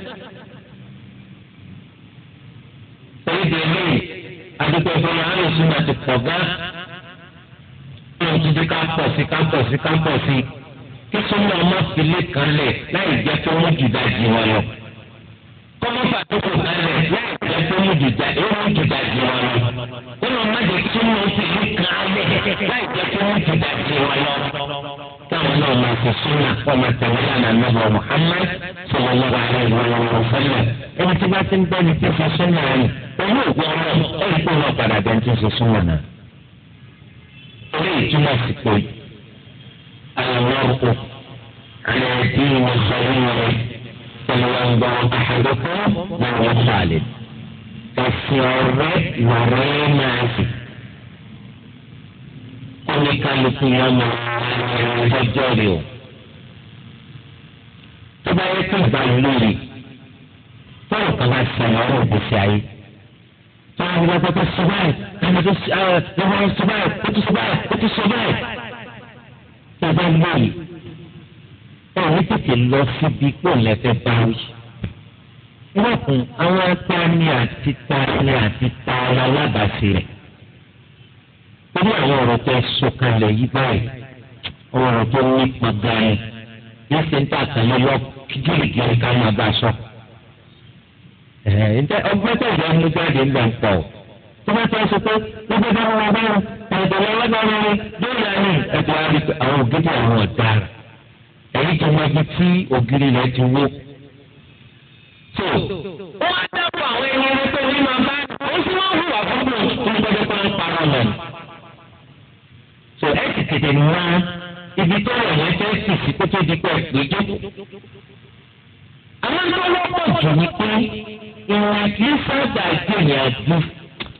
torí di eléyìí adúgbò ìfọwọ́ alùsùn kí súnmọ́ ọmọ fìlẹ̀ kan lẹ̀ láì jẹ́ pé wọ́n jùdá jì wọn lọ. kọ́mọ́ fàdúgbò kan lẹ̀ láì jẹ́ pé wọ́n jùdá jì wọn lọ. wọ́n lọ má jẹ́ súnmọ́ fìlẹ̀ kan lẹ̀ láì jẹ́ pé wọ́n jùdá jì wọn lọ. táwọn náà máa fi súnmọ́ ọmọ tẹ̀wọ́lá náà nọ́bọ̀ Muhammad sọ̀rọ̀ lọ́wọ́ ààrẹ ìwọ̀n fẹ́lẹ̀. ẹni tí bá ti ń bẹ́ni tí fi súnmọ́ rẹ̀ pẹ̀lú òkú الموقف على دين خليله فلينظر أحدكم نار خالد ẹ̀sìnọ̀rẹ́ lọ́rẹ́ máa sì. oníkálukú yẹn mọ ọjọ́ rẹ̀ o. tó bá yẹ kí ìgbà lóore báwo kan bá ṣẹlẹ̀ ọ̀rọ̀ ògbésí ayé. báwo ni wọ́n gbọ́dọ̀ sọ báyìí ẹni tó sọ báyìí ó tún sọ báyìí ó tún sọ báyìí. tọ́ba lóye ẹ̀rí tètè lọ síbi pé òun fẹ́ báwí. lọ́kùn àwọn atani àti tani àti tara alábàáṣe rẹ̀. torí àwọn ọ̀rọ̀ tó ẹ̀sùn kalẹ̀ yí báyìí àwọn ọ̀rọ̀ tó ní gbọ̀ngà yẹn ní sẹ́ńtà kan lọ gírígírí ká máa bá a sọ. ọgbẹ́ tó yẹ ọmú jáde ń ń pọ̀ tó bá ẹ sọ pé wọn bá wọn. ẹ̀jẹ̀ lọ́lọ́dọ́rọ́ lórí àná ẹ̀jẹ̀ àrí àwọn ògidì àwọn ọ̀daràn èyí tó mọ ibi tí ògiri rẹ̀ ti wó. tó wọ́n á dábò àwọn ẹni rẹ̀ pé ní màmá ó sì wọ́n hùwà fún mi kó ń gbọ́dọ̀ pa ń para mọ̀. tó ẹ ti tètè mọ ibi tó wọ̀ yẹn fẹ́ sì sí kó di pẹ́ péjọ. àwọn tó jù ní pé ìrìn àti sábà jẹ̀yìn àdúgbò.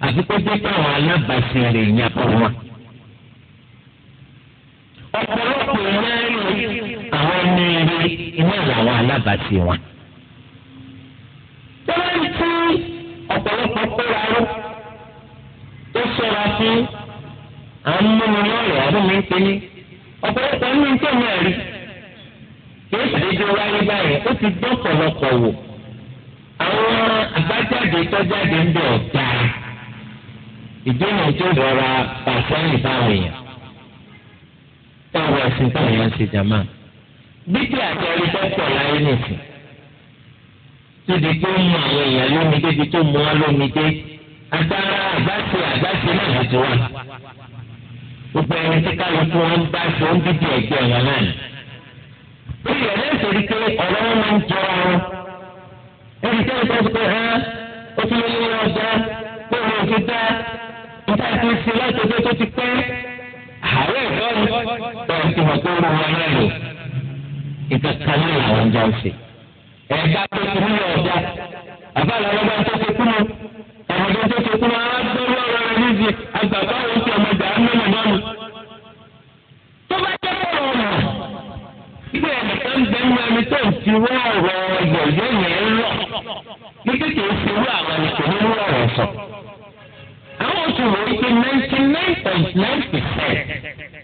àti pété táwọn alábàáṣe rẹ̀ yàn pọ̀ wọn. ọ̀pọ̀lọpọ̀ ìrẹ́lẹ̀ àwọn ẹni rí iná làwọn alábàáṣe wọn. wọ́n ti ọ̀pọ̀lọpọ̀ kóra tó ṣọ́ra fún àwọn múnilọ́rẹ̀ ọ̀pọ̀lọpọ̀ ní nítorí kí wáyé báyìí ó ti wò àwọn àbájáde tó jáde ń ìdíwọ̀n ètò ìrora pàṣẹ́yìn báwọn èèyàn táwọn ẹ̀sìn táwọn èèyàn ń ṣe jàmáà bíbí àtẹ̀rí tó pọ̀ láyé nìsín síbi tó mú àwọn èèyàn lómi débi tó mú wọn lómi dé agbára àgbàṣe àgbàṣe náà ló ti wà gbogbo ẹni tí kálukú wọn bá ṣe ń dídì ẹgbẹ́ wọn náà ni. ó yẹ lẹ́sẹ̀ rí pé ọ̀rọ̀ wọn máa ń jọra wọn. ẹni tí wọ́n sọ pé ẹ́ ó tún lé wọn dá pé wọn fi dá nígbà tí ń sin láti ọjọ́ tó ti pẹ́ àárẹ̀ ìdọ́rùn bẹ́ẹ̀ ti mọ̀ pé ó wọ ẹ̀rẹ́ lò ìgbà kan ní àwọn ń jọ ń sè. ẹ̀ka tó ti mú ọ̀dà àbá làwọn ọmọ tó ti kú mu ọmọdé tó ti kú mu arábẹ́rẹ́ ọ̀rọ̀ rẹ̀ níbi àgbàdo àwọn oṣù ọmọdé àánú mọ̀mọ́nu. tó bá jẹ́ bọ̀rọ̀ ọ̀nà ìgbà ẹ̀ka ń bẹ nínú ẹni tó ń ti wọ́ ọ̀rọ̀ ọ̀yọ̀ yẹn lọ ní kékeré fi wú àwọn ẹni tó ń wú ọ̀rọ̀ sọ túmọ̀ wípé ninety nine point nine percent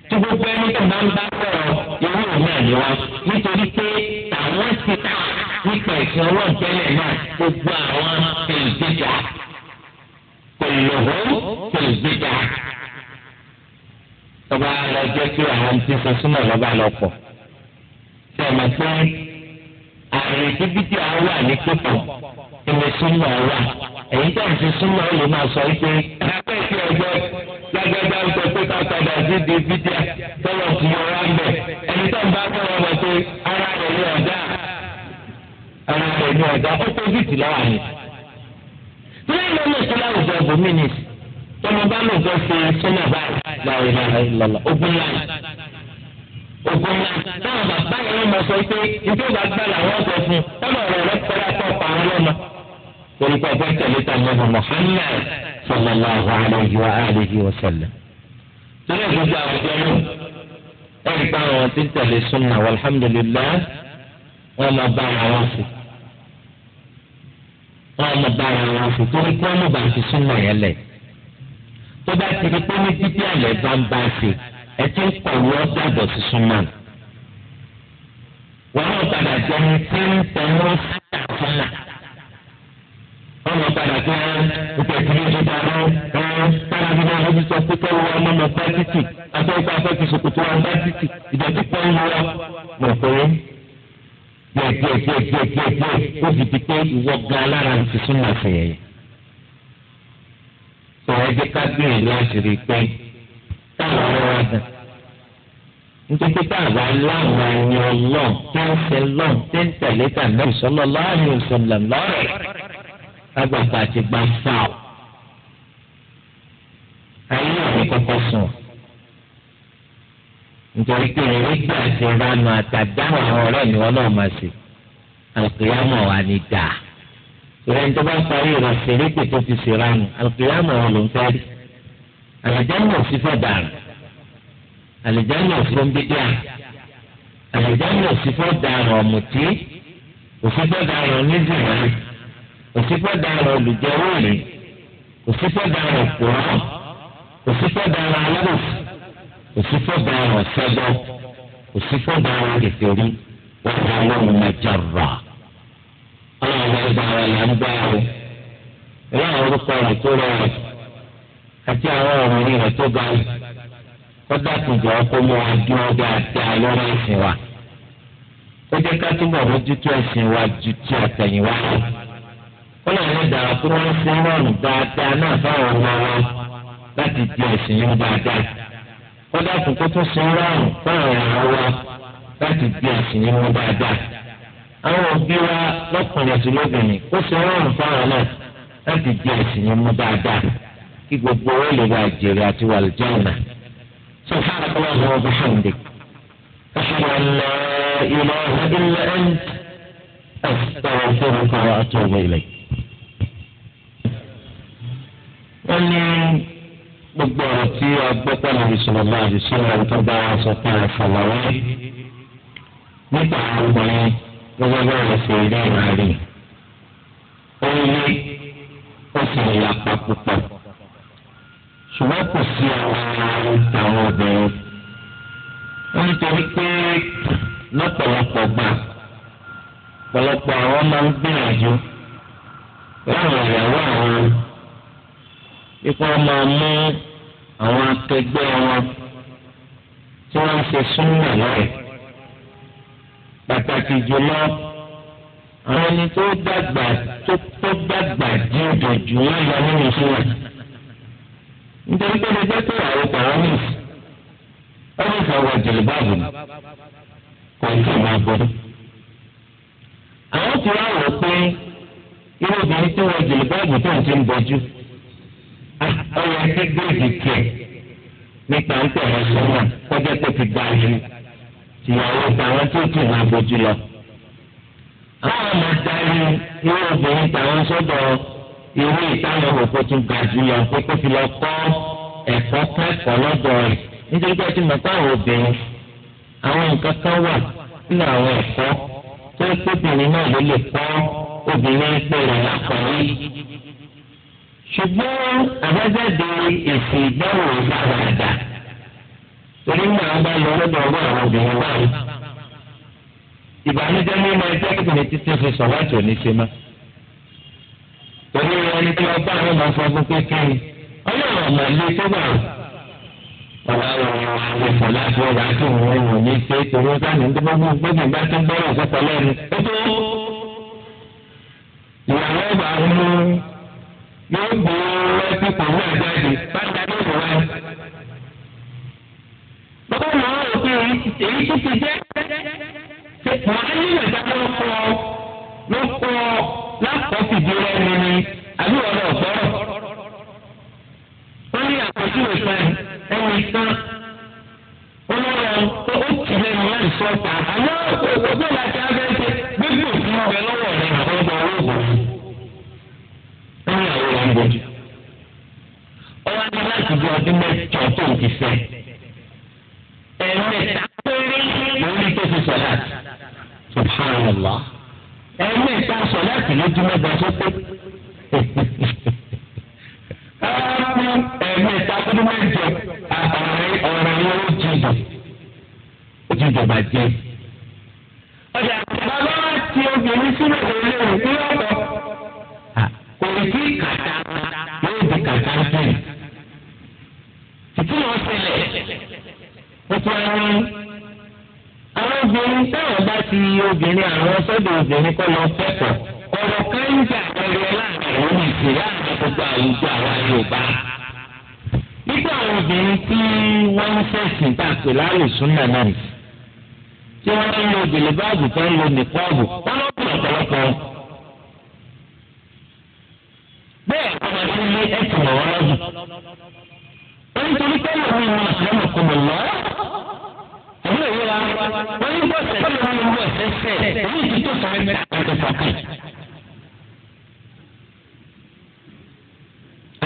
tí gbogbo ẹni tó máa ń bá sọ̀rọ̀ irú òun náà ni wọ́n nítorí pé àwọn ti ta nípa ìsìn ọwọ́ ìtẹ́lẹ̀ náà gbogbo àwọn èlùbíjà pẹ̀lúhó èlùbíjà. lọ́ba lọ jẹ́ kí àwọn ti sọ súnmọ́ lọ́ba lọ pọ̀. sọ̀rọ̀ pé àrètébítì àwa ní pípọ̀ ìwé súnmọ́ wa èyí tó ń fi súnmọ́ lè máa sọ wípé ẹgbẹ́ ti ẹgbẹ́ lágbẹ́gbẹ́ ń sọ pé ká padà sí di tọ́lọ̀ ẹni tó ń bá pé ara rẹ̀ ní ọ̀dà ara rẹ̀ ní ọ̀dà ó tó bìtì lọ́wọ́ àná. tí wọ́n lọ́sọ láwùjọ bá ògùn náà táwọn bàbá yẹn lọ́mọ sọ pé ìdí ìgbà gbà làwọn sọ fún tọ́lọ̀ rẹ̀ rẹ̀ pẹ́lá tó pa wọn lọ́mọ. torí pé ọgbẹ́ tẹ̀lé ta mọ́tò Muhammad sallallahu alayhi wa alihi wa sallam. lórí ìgbésẹ̀ àwùjọ náà ẹ̀rí bá àwọn tí ń tẹ̀lé súnmọ́ alhamdulillah wọ́n máa bá àwọn sí wọ́n máa bá àwọn sí torí pé wọ́n máa bá ti súnmọ́ yẹn lẹ̀ tó bá ti di pé ní títí àlẹ́ bá ń bá a sí ẹ ti ń pọ̀wé ọ̀dà dọ̀tí súnmọ́ wọn náà padà jẹ́ ní tí ń tẹ̀wọ́ síta fúnà wọn náà padà jẹ́ ìpè tí ó ti dáná ẹ̀ẹ́n tára bí wọn lójú sọ pé kẹ́wọ́ ọmọ mọ̀ bá títì àti ọgbà fẹ́ fi ṣòkòtò wọn bá títì ìdọ̀tí pọ̀ ń lọ mọ̀ pé díẹ̀ díẹ̀ díẹ̀ díẹ̀ díẹ̀ díẹ̀ ó fi di pé ìwọ gan alára ti súnmọ́ àfẹ̀yẹ̀yẹ̀ sọ̀rọ̀ ẹgbẹ́ ká gbìyànjú láti rí i pé táwọn ọ̀rọ̀ àgbà nítorí pé àgbà láwọn ẹni ọlọ́ọ̀ tó ń ṣe lọ́ọ̀ tó ń tẹ̀lé tàbí ìṣọ́lọ́ láàrin òṣèlú lọ́rẹ̀ lágbàgbà àti gbà fáwọ̀ ayé àwọn kọ́kọ́ sùn nítorí pé nígbà tí ranu àtàdáhùn àwọn ọ̀rẹ́ ni wọ́n náà máa ṣe àlùkìyàmọ̀ wa ni dáa ìrẹ́ni tó bá parí ìrọ̀sẹ̀rẹ́ pé tó fi ṣèrànù àlùkìyàmọ̀ wọn ló ń fẹ́ rí àlìjáná òfin fọdàrà àlìjáná òfin bídíà àlìjáná òfin fọdàrà ọ̀mùtí òfin fọdàrà onízìrà òfin fọdàrà olùjẹwòrè òfin fọdàrà òpùrọ́ òfin fọdàrà alárùf òfin fọdàrà ọsẹbọ òfin fọdàrà kẹfẹrí wọn kọ Ọlọ́run mẹjọba Ọlọ́run ẹgbàá rẹ là ń gbà rẹ Ọlọ́run orúkọ rẹ tó rọrùn. àti àwọn ọ̀rọ̀ rẹ̀ tó ga yìí ó dákùnjọ kó mú wa dún ọgá dáa lórí wa ó jẹ ká mójútó wa ju ti àtẹ̀yìnwá lọ ó lè ní ìdára pé wọ́n fi rọrùn dáadáa náà fáwọn ọmọ wa láti di ẹ̀sìn yìí dáadáa ó tún di yìí dáadáa àwọn òbí wa àti lóbìnrin ó di yìí kí gbogbo wọn lè bá jèrè àti wà lùjánà سبحانك اللهم وبحمدك أشهد أن لا إله إلا أنت أستغفرك وأتوب إليك wọ́n ní gbogbo ọ̀rọ̀ tí agbọ́pọ̀ lórí sọ̀rọ̀ máa di sí ọ̀rọ̀ tó bá wọn sọ pé àfàlàwé nípa àwọn ọmọye gbogbo ọ̀rọ̀ ṣe ilé ìrìn àárín ó lé ó sì yà pa púpọ̀. ṣùgbọ́n kò sí àwọn obìnrin wọ́n nítorí pé lọ́pọ̀lọpọ̀ gbà pọ̀lọpọ̀ àwọn máa ń gbìyànjú láwọn ìyàwó àwọn ipò máa mú àwọn akẹgbẹ́ wọn tí wọ́n ń ṣe súnmọ́ lọ́rẹ̀ pàtàkì jùlọ àwọn ẹni tó dàgbà tó dàgbà dín dòjú wọn lọ nínú ìṣúná. nítorí pé ẹgbẹ́ tó wà lópa ọ́fíìsì ọ́fíìsì ọ̀wọ̀ ìjìnlẹ̀ báàbù ni kò ní kí n máa gbọ́dọ̀. àwọn tí wàá wọ̀ pé irú obìnrin tó wọ ìjìnlẹ̀ báàbù tó ń ti ń ah, ẹgbẹ́ nípa ń tẹ̀lé sọ́nà kọjá tó ti gba tìyàwó tó máa irú ìtayọ̀ wò pé tún ga jù lọ pé kó fi lọ kọ́ ẹ̀kọ́ kẹ́kọ̀ọ́ lọ́dọ̀ rẹ̀ nítorí pé tún mọ̀tá àwọn obìnrin àwọn nǹkan kan wà nínú àwọn ẹ̀kọ́ tó ń pébìnrin náà ló lè kọ́ obìnrin pé rẹ̀ lákọ̀ọ́lé. ṣùgbọ́n àbájáde èsì ìgbẹ́wò ìgbàgbàdà torí mọ̀ àwọn bá lọ lọ́dọ̀ ọgbà àwọn obìnrin báyìí. ìbànújẹ́ ní ọmọ ẹgbẹ́ kìkìnì títí fi sọ̀rọ̀ àti òní ṣe máa pẹ̀lú ẹni tí wọ́n bá wọn lọ́sọ̀ fún kékeré ọlọ́run ọ̀mọ̀ ilé tó wà ọ̀la ọ̀rọ̀ àwọn ìfọ̀lá àti ọ̀rọ̀ àti òun ọ̀rọ̀ ní ṣe tòun sáni tó bá fún gbẹ́gbẹ́ bá tó gbọ́rọ̀ sọ́kọ̀ lẹ́nu ó tó ìyàwó ọ̀bà ọ̀hún yóò gbé ẹbí pẹ̀lú àjáde bá ń darí ìwà ẹ̀. bàbá mi ò rò pé èyí tó ti jẹ́ ṣe wàá nílò ìdájọ́ fún ọ ló kọ lápọ̀fìdí rẹ nínú àbí wọn lọ gbọ́rọ̀. wọ́n ní àpèjúwe kan ẹni tán olórí ọ̀hún ó tì lẹ́nu láì sọ ọ̀tà àmọ́ òkòtò láti abẹ́sẹ̀ gbígbó fún ọ̀rẹ́ lọ́wọ́ rẹ̀ àwọn ọmọ olóògùn wọ́n ní àwọn ọmọ ìbòjì. ọwọ́ ní láti bí ọdún mẹ́jọ tó ń ti fẹ́ ẹ̀rọ ẹ̀ta péré lórí tó fi sọ̀rọ̀ àti subhanallah ẹ̀mí ìta sọ láti lójú mẹ́ta tó pé. ẹ̀mí ẹ̀mí ìta tó dún mẹ́jọ ọ̀rẹ́ ọ̀rẹ́ yóò jíjọ jíjọ bàjẹ́. ọjà bàbá bá ti obìnrin sínú ìwé òkú ọ̀pọ̀ kò lè kí kàtà yóò di kàtà kẹ́yìn. títí wọn ṣẹlẹ̀ ó tún ẹni àwọn obìnrin táwọn ti obìnrin àwọn sọ́dọ̀ obìnrin kọ́ lọ kẹ́kọ̀ọ́ ọ̀rọ̀ kẹ́ńtà ẹ̀rọ láàrin àwọn ìṣe láàrin gbogbo àwùjọ àwọn Yorùbá. nígbà àwọn obìnrin tí wọ́n ń ṣẹ̀sìn tàpé lálùsùn náà náà tí wọ́n ń lo bìlìbáàbù tó ń lo nìkọ́ọ̀bù wọ́n lọ́ bù ọ̀pọ̀lọpọ̀. bẹ́ẹ̀ ọmọdé ní ẹ̀sìn ọ̀rọ̀ lọ́dún. wọ́n ń torí pẹ́lú mi ní tẹ̀ ẹ̀mí ìdí tó sọ ẹgbẹ́ ọ̀dọ̀ pàkà.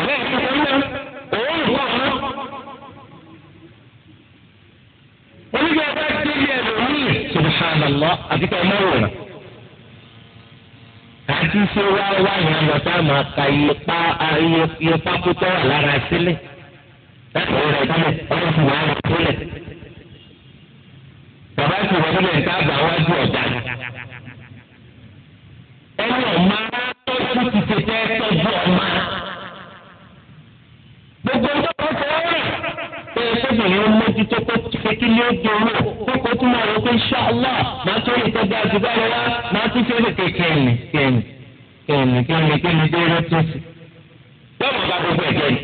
Bẹ́ẹ̀ ni wọ́n lọ òun ìwọ ọ̀rọ̀. Oníbi ọba ti di ẹlòmíì. Subhanallah àti kẹ́ ẹ mọ̀ wọ̀nà. Àti ṣé wá wá yẹn lọ máa ka iye pákútọ́ wà lára sílẹ̀. Láti ọ̀rọ̀ ìdílé, ọ̀rọ̀ ìfowópamọ́ sílẹ̀. pé ní déédéé tó sì lọ́mọ bá gbogbo ẹ̀jẹ̀ ni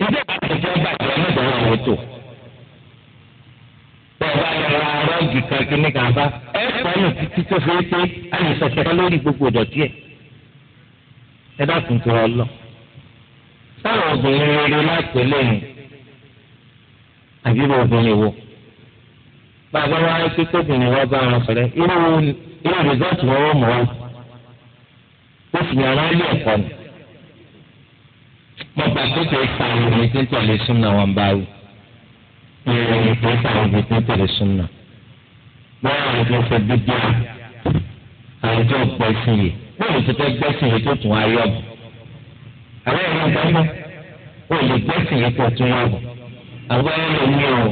ìdí ìbá tó jẹ́ bàjẹ́ ọlọ́dọ̀ wọn ò tó bẹ́ẹ̀ bá yẹ ra rọ́ọ̀gì kan kí ní kà bá ẹ̀ pọ̀ ní títí tó fi pé a lè sọ̀tẹ̀ lórí gbogbo ìdọ̀tí ẹ̀ ẹ dákun tó ọ lọ sáwọn obìnrin rere láti lẹ́yìn àbí obìnrin wo bàbá wa ẹ pé kóbìnrin wa bá wọn sọ̀rẹ́ irú irú rìsọ́ọ̀tì wọn wọ́n mọ̀ wọn ó sì yàrá ilé ẹ̀kọ́ ni mo gbà pé kò sa ìròyìn tí ń tẹ̀lé súnà wọn bá wù ìròyìn tó sa ìròyìn tí ń tẹ̀lé súnà wọ́n àwọn tó fẹ́ dídí à àwọn tó gbọ́ sí yìí bóyá tó fẹ́ gbọ́ sí yìí tó tún ayé ọ̀bùn àwọn ẹ̀rọ ìdáná ó lè gbọ́ sí yìí tó tún ọ̀bùn àwọn ẹ̀rọ mi ò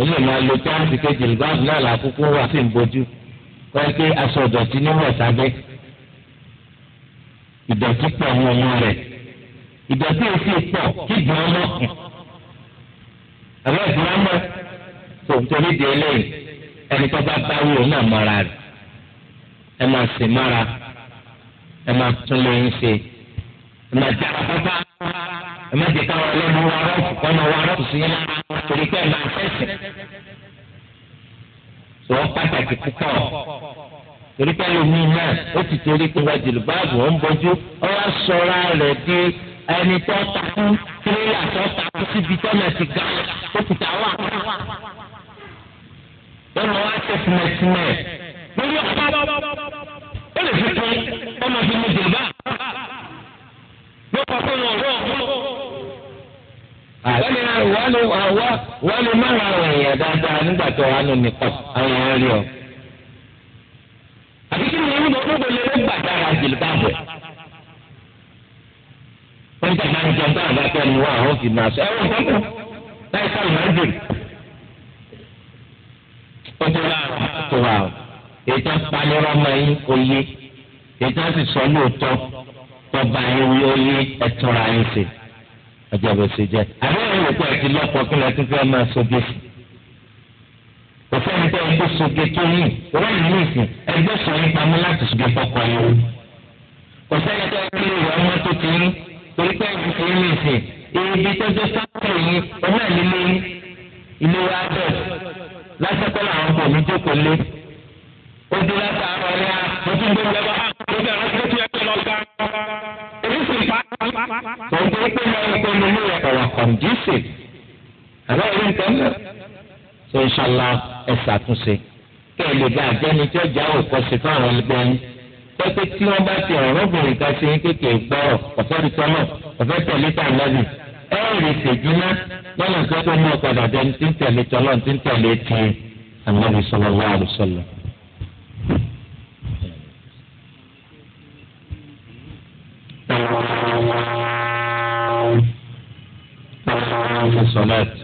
ó lè máa lo táǹtì kejì ìgbà náà làkúkú wà sí ìbojú kọ́ ẹ ìdọ̀tí pọ̀ ní ọmọ rẹ̀ ìdọ̀tí èsì pọ̀ kí ìdùn ọmọ kù àbẹ́ ìdùn ọmọ tó torí di eléyìí ẹni tó bá bá wúro náà mọ́ra rẹ̀ ẹ máa sè mára ẹ máa tún lóyún ṣe ẹ máa dára bàbá ẹ má jẹ́ káwọn ọlọ́mọ wa rọ́ọ̀fù kọ́nà wa rọ́ọ̀fù sí yín lára torí pé ẹ máa fẹ́sẹ̀ sọ pàtàkì púpọ̀ torí pẹ́lú mi náà ó ti torí pé wọ́n jìlù báàbù ó ń bójú ó wá sọra rẹ̀ di ẹni tó takú tírélà tó takú síbi tọ́lẹ̀ ti ga ó ti tà wá. lọ́nà wá ṣe tìmẹ̀tìmẹ̀ lórí ọ̀pá ó lè fi pé ọmọ fi mu jìlù báà ló kọ́ fún wọn ọ̀rọ̀ àwọn ènìyàn wà ló máa ra àwọn èèyàn dáadáa nígbà tó wà nù nìkan àwọn èèyàn rí ọ. àbí kí ni wọ́n lọ gbogbo lè lè gbà dára jìlìbá bẹ̀. wọ́n ti máa ń bá àgbà tó àwọn máa sọ láì ó tó wà ó tó wà ó ètò ọmọ yín kò yé ètò sì sọ tọba yín ó yé yín sí ṣe ẹ̀ ti lọ́pọ̀ kí fẹ́ máa òfin ẹni tẹ ẹ kó soge tó yìí òwò ẹni ní ìsìn ẹgbẹ́ sọ yín pamọ́ láti soge fọkọ yìí o kò sẹ́ni tẹ ẹ kí ìwà wọn tó ti yín torí pé ẹni tẹ ẹ ní ìsìn ibi tẹ́jọ́ sáfẹ́ yín òwò ẹni lé ilé wa bẹ̀ lásìkò làwọn kò ní jókòó lé ó di látàárọ̀ ní a mo tún gbé ìjọba mo bẹ̀rẹ̀ lọ́sí tó yẹ kí lọ ga èmi sì pa. òun tó ń pè ní ọkọ mi ní ọ̀rọ̀ kọ̀ǹdíṣì àbẹ́ tó ń ṣàlá ẹ ṣàtúnṣe kí ẹ lè bá àjẹni tí ọjà òkọ sí fáwọn ẹgbẹ́ yín pẹ́pẹ́ tí wọ́n bá ti ọ̀rọ̀bìnrin ká sí kékeré gbọ́rọ̀ ọ̀fẹ́ ìtọ́nà ọ̀fẹ́ tẹ̀lé tàlẹ́bì ẹ rí ìṣèjúná lọ́nà tó tó mú ọkọ̀ dàbẹ́ ní tí ń tẹ̀lé tọ́lọ́ tí ń tẹ̀lé ti ànábì sallallahu alaihi wasallam. صلاة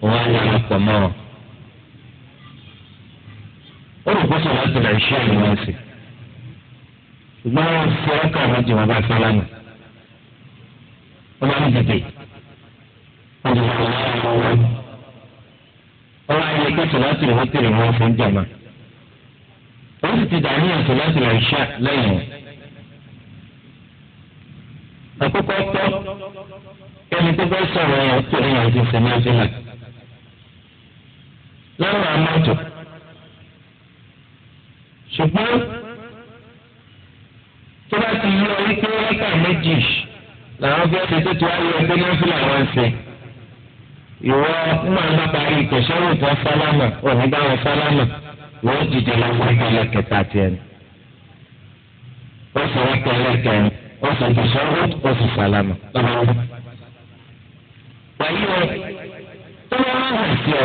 wọn á lè pọ̀ mọ́ wọn. ó lè gbọ́sọ̀ láti rà iṣẹ́ àyè wọn sí ṣùgbọ́n wọn fi ọkọ̀ wọn jù wọn bá fẹ́ lánàá wọn bá ń dìde wọn ti sọ̀rọ̀ láwọn ọmọ wọn wọn á lè gbọ́sọ̀ láti rà wọ́n wọn fún jàmá wọ́n sì ti dà ní ẹ̀sọ̀ láti rà iṣẹ́ lẹ́yìn wọn àkókò ẹni tó bá sọ̀rọ̀ ẹ̀ tó ẹ̀yàn ti sẹ̀mí náà lọ́rùn amọ́tò ṣùgbọ́n tó bá ti yọ wípé wíkà méjì làwọn bí wọ́n ti tó ti wá yọ ẹgbẹ́ náà fún làwọn ń ṣe ìwọ nígbà wọn bá parí ìkẹsẹ́wò tó sálámà òní bá wọn sálámà wọ́n dìde lọ́wọ́ ìpínlẹ̀ kẹta tiẹ̀ ni wọ́n sọ wọ́n tẹ̀lé kẹrin wọ́n sọ ìkẹsẹ́wò wọ́n sì sálámà lọ́wọ́. wàyí o tó bá wà hàn sí ọ.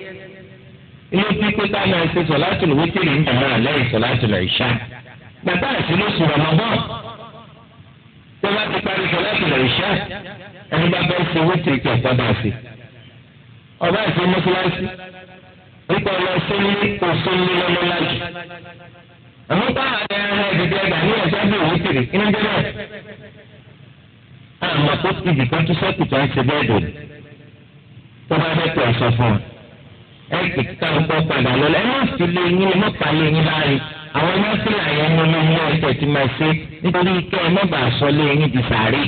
ilé pípé ká máa ṣe sọ̀láṣù wítìrì ń jàmọ́ àlẹ́yìn sọ̀láṣù ìṣá bàbá àti lóṣù rọ̀mọ́bọ́n tó bá ti parí sọ̀láṣù ìṣá ẹni bá bá ṣe wítìrì kí ọ̀pá bá ṣe ọba àti mọ́ṣáláṣí nípa ọlọ sóní òsóní lọ́lọ́lájú àmọ́ báwa ni ara ìdíje ẹgbà ní ọjọ́ bí wítìrì inú jẹ́ bẹ́ẹ̀ àmọ́ ẹ̀ kì í táwọn gbọ́ padà lọ́la ẹ̀ yóò sì lé yín mọ́ palẹ̀ yín láre àwọn yóò sì láyé ní ọmọ ilé ẹ̀sẹ̀ tí máa ṣe nítorí kẹ́ ẹ mọ́ bá aṣọ lé yín di sàárè.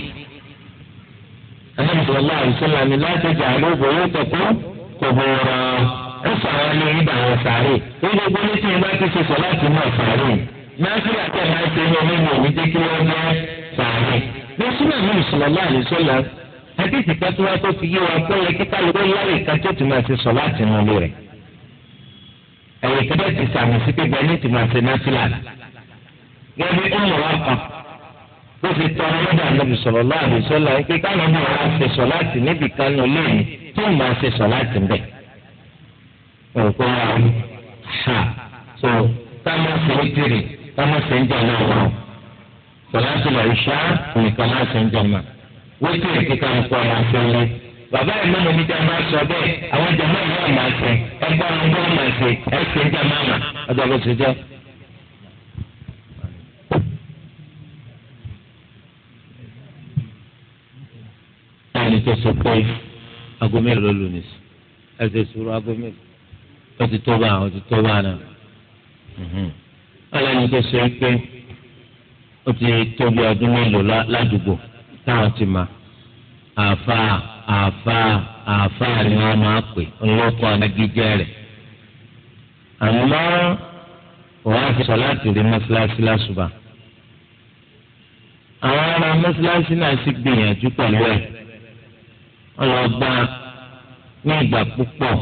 alhamdu allah ṣọlá ni láti jà lóògùn owó tẹ̀kú kò bọ̀rọ̀ ẹ sọ àwọn ilé yín bá wọn sàárè ó lè gbọ́ létí yín bá ti ṣe sọ láti mọ̀ sàárè náà sí àtẹ̀ máa ṣe àdìsí kan tí wọn tó fi yé wa pé yẹ kíkà ló ń láyè kan tó ti máa ṣe sọ láti nù lórí ẹ̀yẹ kí bẹ́ẹ̀ ti sàmì sí pé bẹ́ẹ̀ ní ti máa ṣe náfìlà gẹ́gẹ́ bí ọmọ wa kan ló fi tọ́ ọlọ́dà níbi sọ̀rọ̀ láàbì sọ́lá pé káwọn ọmọ wa ṣe sọ láti níbi kan nù lórí tó máa ṣe sọ láti bẹ̀. òkú wa ha so táwọn ṣe é tèrè táwọn ṣe ń jẹ náà wọn sọ láti wítìrì kíkà ń kọ́ ọ̀rọ̀ àtẹ̀lé bàbá ẹ̀ mọ́nà mi jàmbá sọ bẹ́ẹ̀ àwọn jàmbá ìlú ọ̀nà àṣẹ ẹgbẹ́ ọ̀nà ọ̀nà ọ̀nà àṣẹ ẹ̀ṣẹ̀ ń jàmbá àmà ọjọ́ bó ṣe jẹ́. ẹni tó so pé aago mélòó ló lù ní sí ẹsẹ̀ sùúrù aago mélòó ó ti tó bá ó ti tó bá náà. ọlọ́ni mhm. tó so pé ó ti tó ọdún mélòó ládùúgbò táwọn ti ma àfa àfa àfa ni wọn máa pè ńlọkọ anagijẹ rẹ àmọ́ wọn á fi sọ láti rí mọ́sálásí lásùbà àwọn ará mọ́sálásí náà sì gbìyànjú pẹ̀lú ẹ̀ ọlọ́gbà ní ìgbà púpọ̀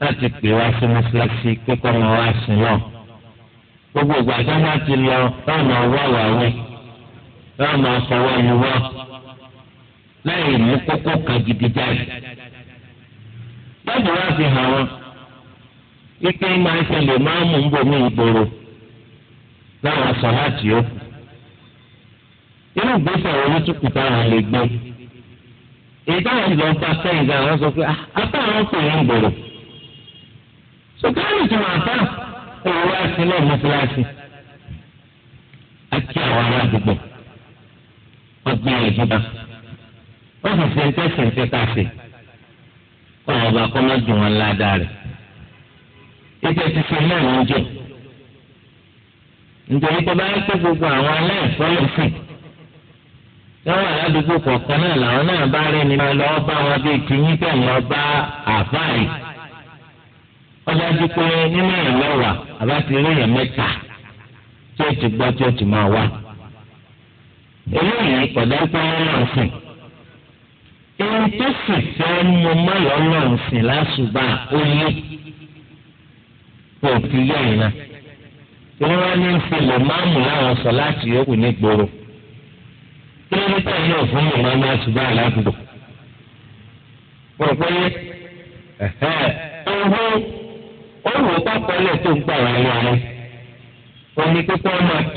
láti pè wá sí mọ́sálásí pé kọ́ máa wá sí náà gbogbo ìgbà tí wọ́n ti lọ táwọn máa wá wàá yóò máa fọwọ́ ẹni wọ́ láì mú kókó kan gidi jáde. lọ́dọ̀ wá fi hàn wọ́n wípé máa ń ṣẹlẹ̀ máa ń mú un ìgboro láwọn ó. inú ìgbésẹ̀ ló tún lè gbé? èyí táwọn gan sọ pé ah, apá àwọn kò ní ìgboro. wọ́n gbé rẹ̀ gíga wọ́n sì ṣe ń tẹ̀sí ń tẹ́ka sí kọ́ àwọn ọba kọ́ máa dùn wọn ládàá rẹ̀ ètò ìṣiṣẹ́ náà ló ń nítorí tó bá yẹ kó gbogbo àwọn lọ sí lọ́wọ́ aládùúgbò kọ̀ọ̀kan náà làwọn náà bá máa lọ́wọ́ bá wọn kìíní àbáyé nínú ìlọ́wà àbá ti rí eléyìí kọjá pé wọn sìn ẹni tó sì fẹ́ mọ mọ́yọ́ náà sìn lásùbà oyè kò fi yẹ ìyá wọn ní lè máa mú láwọn sọ láti ní gbòòrò kí ló dé tẹ̀lé òfin máa máa ṣùgbọ́n pọ̀pẹ́ ọ̀hún ọ̀hún pápá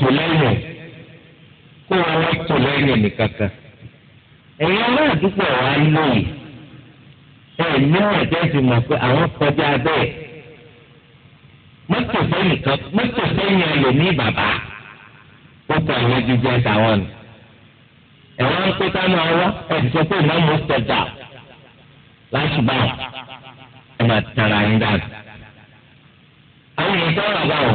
tó kó wọn wá tò lẹ́yìn ẹnìkankan ẹ̀yin aládùúgbò wa lóye ẹ̀ níwọ̀n ẹ̀jẹ̀ mọ̀ pé àwọn kọjá bẹ́ẹ̀ mọ́tò sẹ́yìn kan mọ́tò sẹ́yìn ẹ̀ lè ní bàbá ó kọ àwọn jíjẹ táwọn nù ẹ̀wọ́n ń pé kánú ọwọ́ ẹ̀ ti sọ pé ìmọ̀ mọ́ tọ̀jà láti bá wọn ẹ̀ máa tara yín dànù àwọn èèyàn sọ̀rọ̀ báwò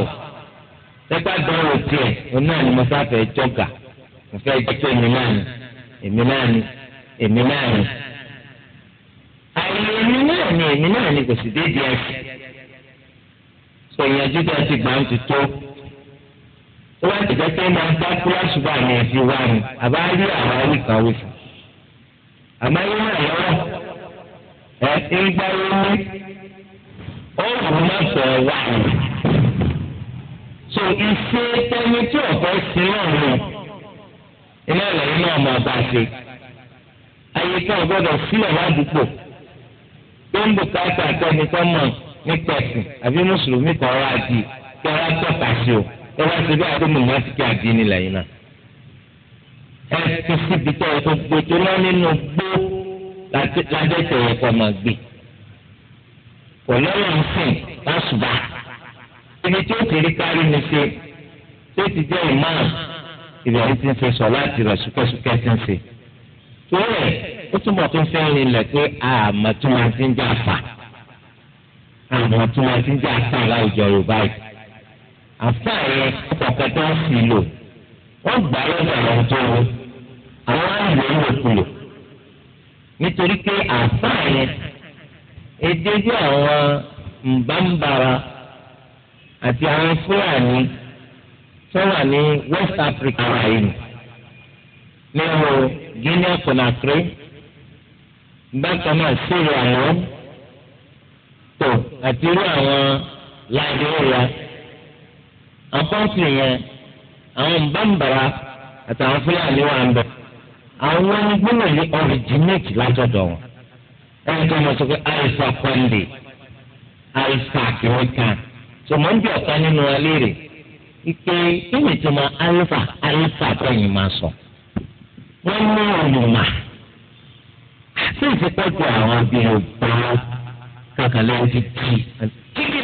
ẹgbẹ́ àdánwò tiẹ̀ òun náà ni mo sáfẹ́ jọ́gà ìfẹ́ jẹ́ pé èmi náà ni èmi náà ni èmi náà ni. àwọn èmi náà ni èmi náà ni kò sì déédéé ẹ̀sìn. sọ ìyànjú tó ti gbà ń ti tó. ó wá ti jẹ́ pé máa ń dá kíláàsì bá mi ẹ̀fí wá mi àbá rí àwọn àríkà wí fún. àmọ́ yóò ràn lọ́wọ́ ẹ̀ ń gbá lórí ó wù ú lọ́sọ̀ wá mi. so ìṣe tẹni tí ọ̀fẹ́ sí náà nù iná ìlànà náà máa bá a ṣe ayé tí wọn gbọ́dọ̀ sílẹ̀ ládùúgbò tó ń bùkátà kẹni tó mọ̀ nípa ẹ̀sìn àbí mùsùlùmí kan rà di kí wọn á tọ́ka sí o ẹ wá síbi àdúgbò náà ti kí àdínì lẹ́yìn náà ẹ ti síbi tó ẹ tó gbé tó lọ nínú gbó lábẹ́ tẹ̀yẹ kọ́ máa gbé kò lọ́wọ́ ń sìn lásùbà ibi tí ó ti rí kárí ni ṣe tó ti jẹ́ ìmáàmù ibrahim ti ń ṣe sọ láti rẹ̀ súkẹ́súkẹ́ ti ń ṣe. torí ẹ̀ ó túbọ̀ tó fẹ́ rinlẹ̀ pé àmọ́ tí wọ́n ti ń jà fà àmọ́ tí wọ́n ti ń jà fà láwùjọ yorùbá yìí. àfà yẹn ọ̀pọ̀ tó ń fi lò wọ́n gbà lọ́dọ̀ àwọn tó lò àwọn àlè ń lò kulò. nítorí pé àfà yẹn èdè bí àwọn mbàmbàrà àti àwọn fúlàní. tó wà ní West Africa wáyé ni nínú Guinea Conakry bákan náà Sierra Leone tó àti irú àwọn Liberia àkọ́ǹtì yẹn àwọn bambara àtàwọn Fúlàní wà ń bẹ̀ àwọn onígbìmọ̀ ní originate látọ̀dọ̀ wọn ẹni tó sọ pé ọ̀kan nínú alẹ́ rẹ̀. ìpè kíni tó máa alifa alifa tẹ̀yìn máa sọ wọ́n ní olùmọ̀ sí ìsìnkú àwọn obìnrin ògbọ́n kankan lẹ́yìn ti kí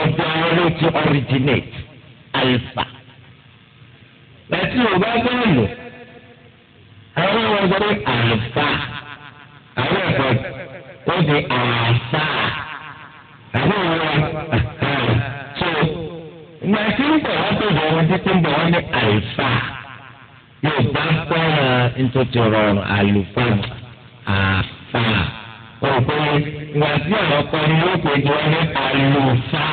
ọjọ́ ló ti originate alifa láti yorùbá bẹ́ẹ̀ lò àwọn ọmọ ọgbọ́n ní alifa àwọn ẹ̀kọ́ ó di àṣà àwọn ọmọ ọgbọ́n ìgbà tí ń bọ̀ wọ́n tó bọ̀ wọ́n títí ń bọ̀ wọ́n ní àlùfà yóò bá fẹ́ràn nítorí rọrùn àlùfà àfà òpè ìgbà tí ọ̀rọ̀ kan ní yóò pè jù wọ́n ní àlùfà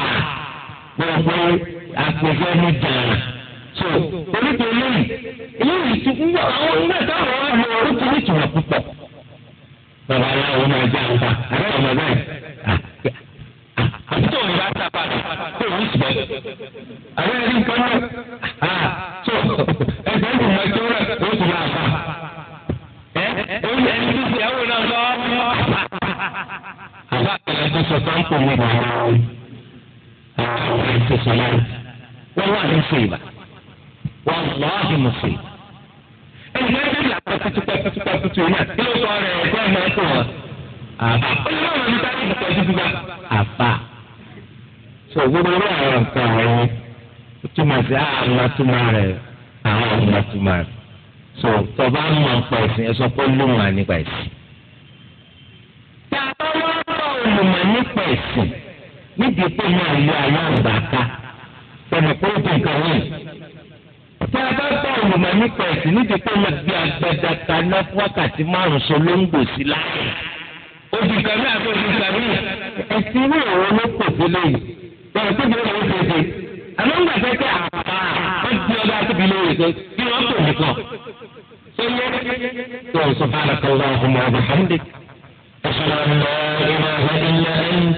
gbogbo àpèjọ ní dàrá so onítorí eléyìí tí ń bọ̀ àwọn ìgbà táwọn ọ̀rọ̀ lọ orí kìíní tìwọ̀n púpọ̀ bàbá aláwo máa jẹ àǹfà àbẹ́ ọ̀mọ̀ bẹ́ẹ̀ àbí tó ń yá sábà tó ń sùn ẹ̀. àwọn ẹni nǹkan náà tó ẹgbẹ́ ìlú máa tó rẹ̀ ó sì máa fà. ó yẹ ẹni tó ti ẹ̀wọ̀n náà lọ. àbá àgbẹ̀rẹ̀ tó sọ sáńpù mi nà ọ́ àwọn ẹni tó sọ náà wọ́n wà ní sèbà wọ́n lọ́ọ́ àti mùsùlùmí. ẹni tó ń bí làkọ́ tuntun pẹ́ tuntun pẹ́ náà kí ló sọ rẹ̀ ẹ̀gbọ́n náà tó wọn àbá so gbogbo ló àwọn nǹkan àwọn túmọ̀ sí àwọn ah, túmọ̀ rẹ̀ àwọn ọmọ túmọ̀ so tọba ń mọ nǹkan ẹ̀sìn ẹ sọ pé lóun à nípa ẹ̀sìn. tàbá wọn bá olùmọ̀ nípa ẹ̀sìn níbi pé máa lo àwọn àgbà ká pẹ̀lú pé ó dùn kan wọ̀nyí. tí a olùmọ̀ nípa ẹ̀sìn níbi pé máa gbé agbẹ́dàta náà wákàtí márùn-ún so ló ń gbòòsí láàyè oṣù kẹmí àti oṣù kẹmí ẹsìn ní àwọn olókòtò lẹ́yìn lọ́wọ́ tó bẹ̀rẹ̀ lọ́wọ́ tó ṣe àmọ́ ń gbàgbé pé àpá ó ti ọba àtúbí lórí tó kí wọ́n tó nìkan. sọ́yẹ́ tó ń sọ fún akọ́lá ọ̀hún ọ̀hún hàmdè. أشهد أن لا إله إلا أنت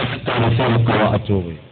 أستغفرك وأتوب إليك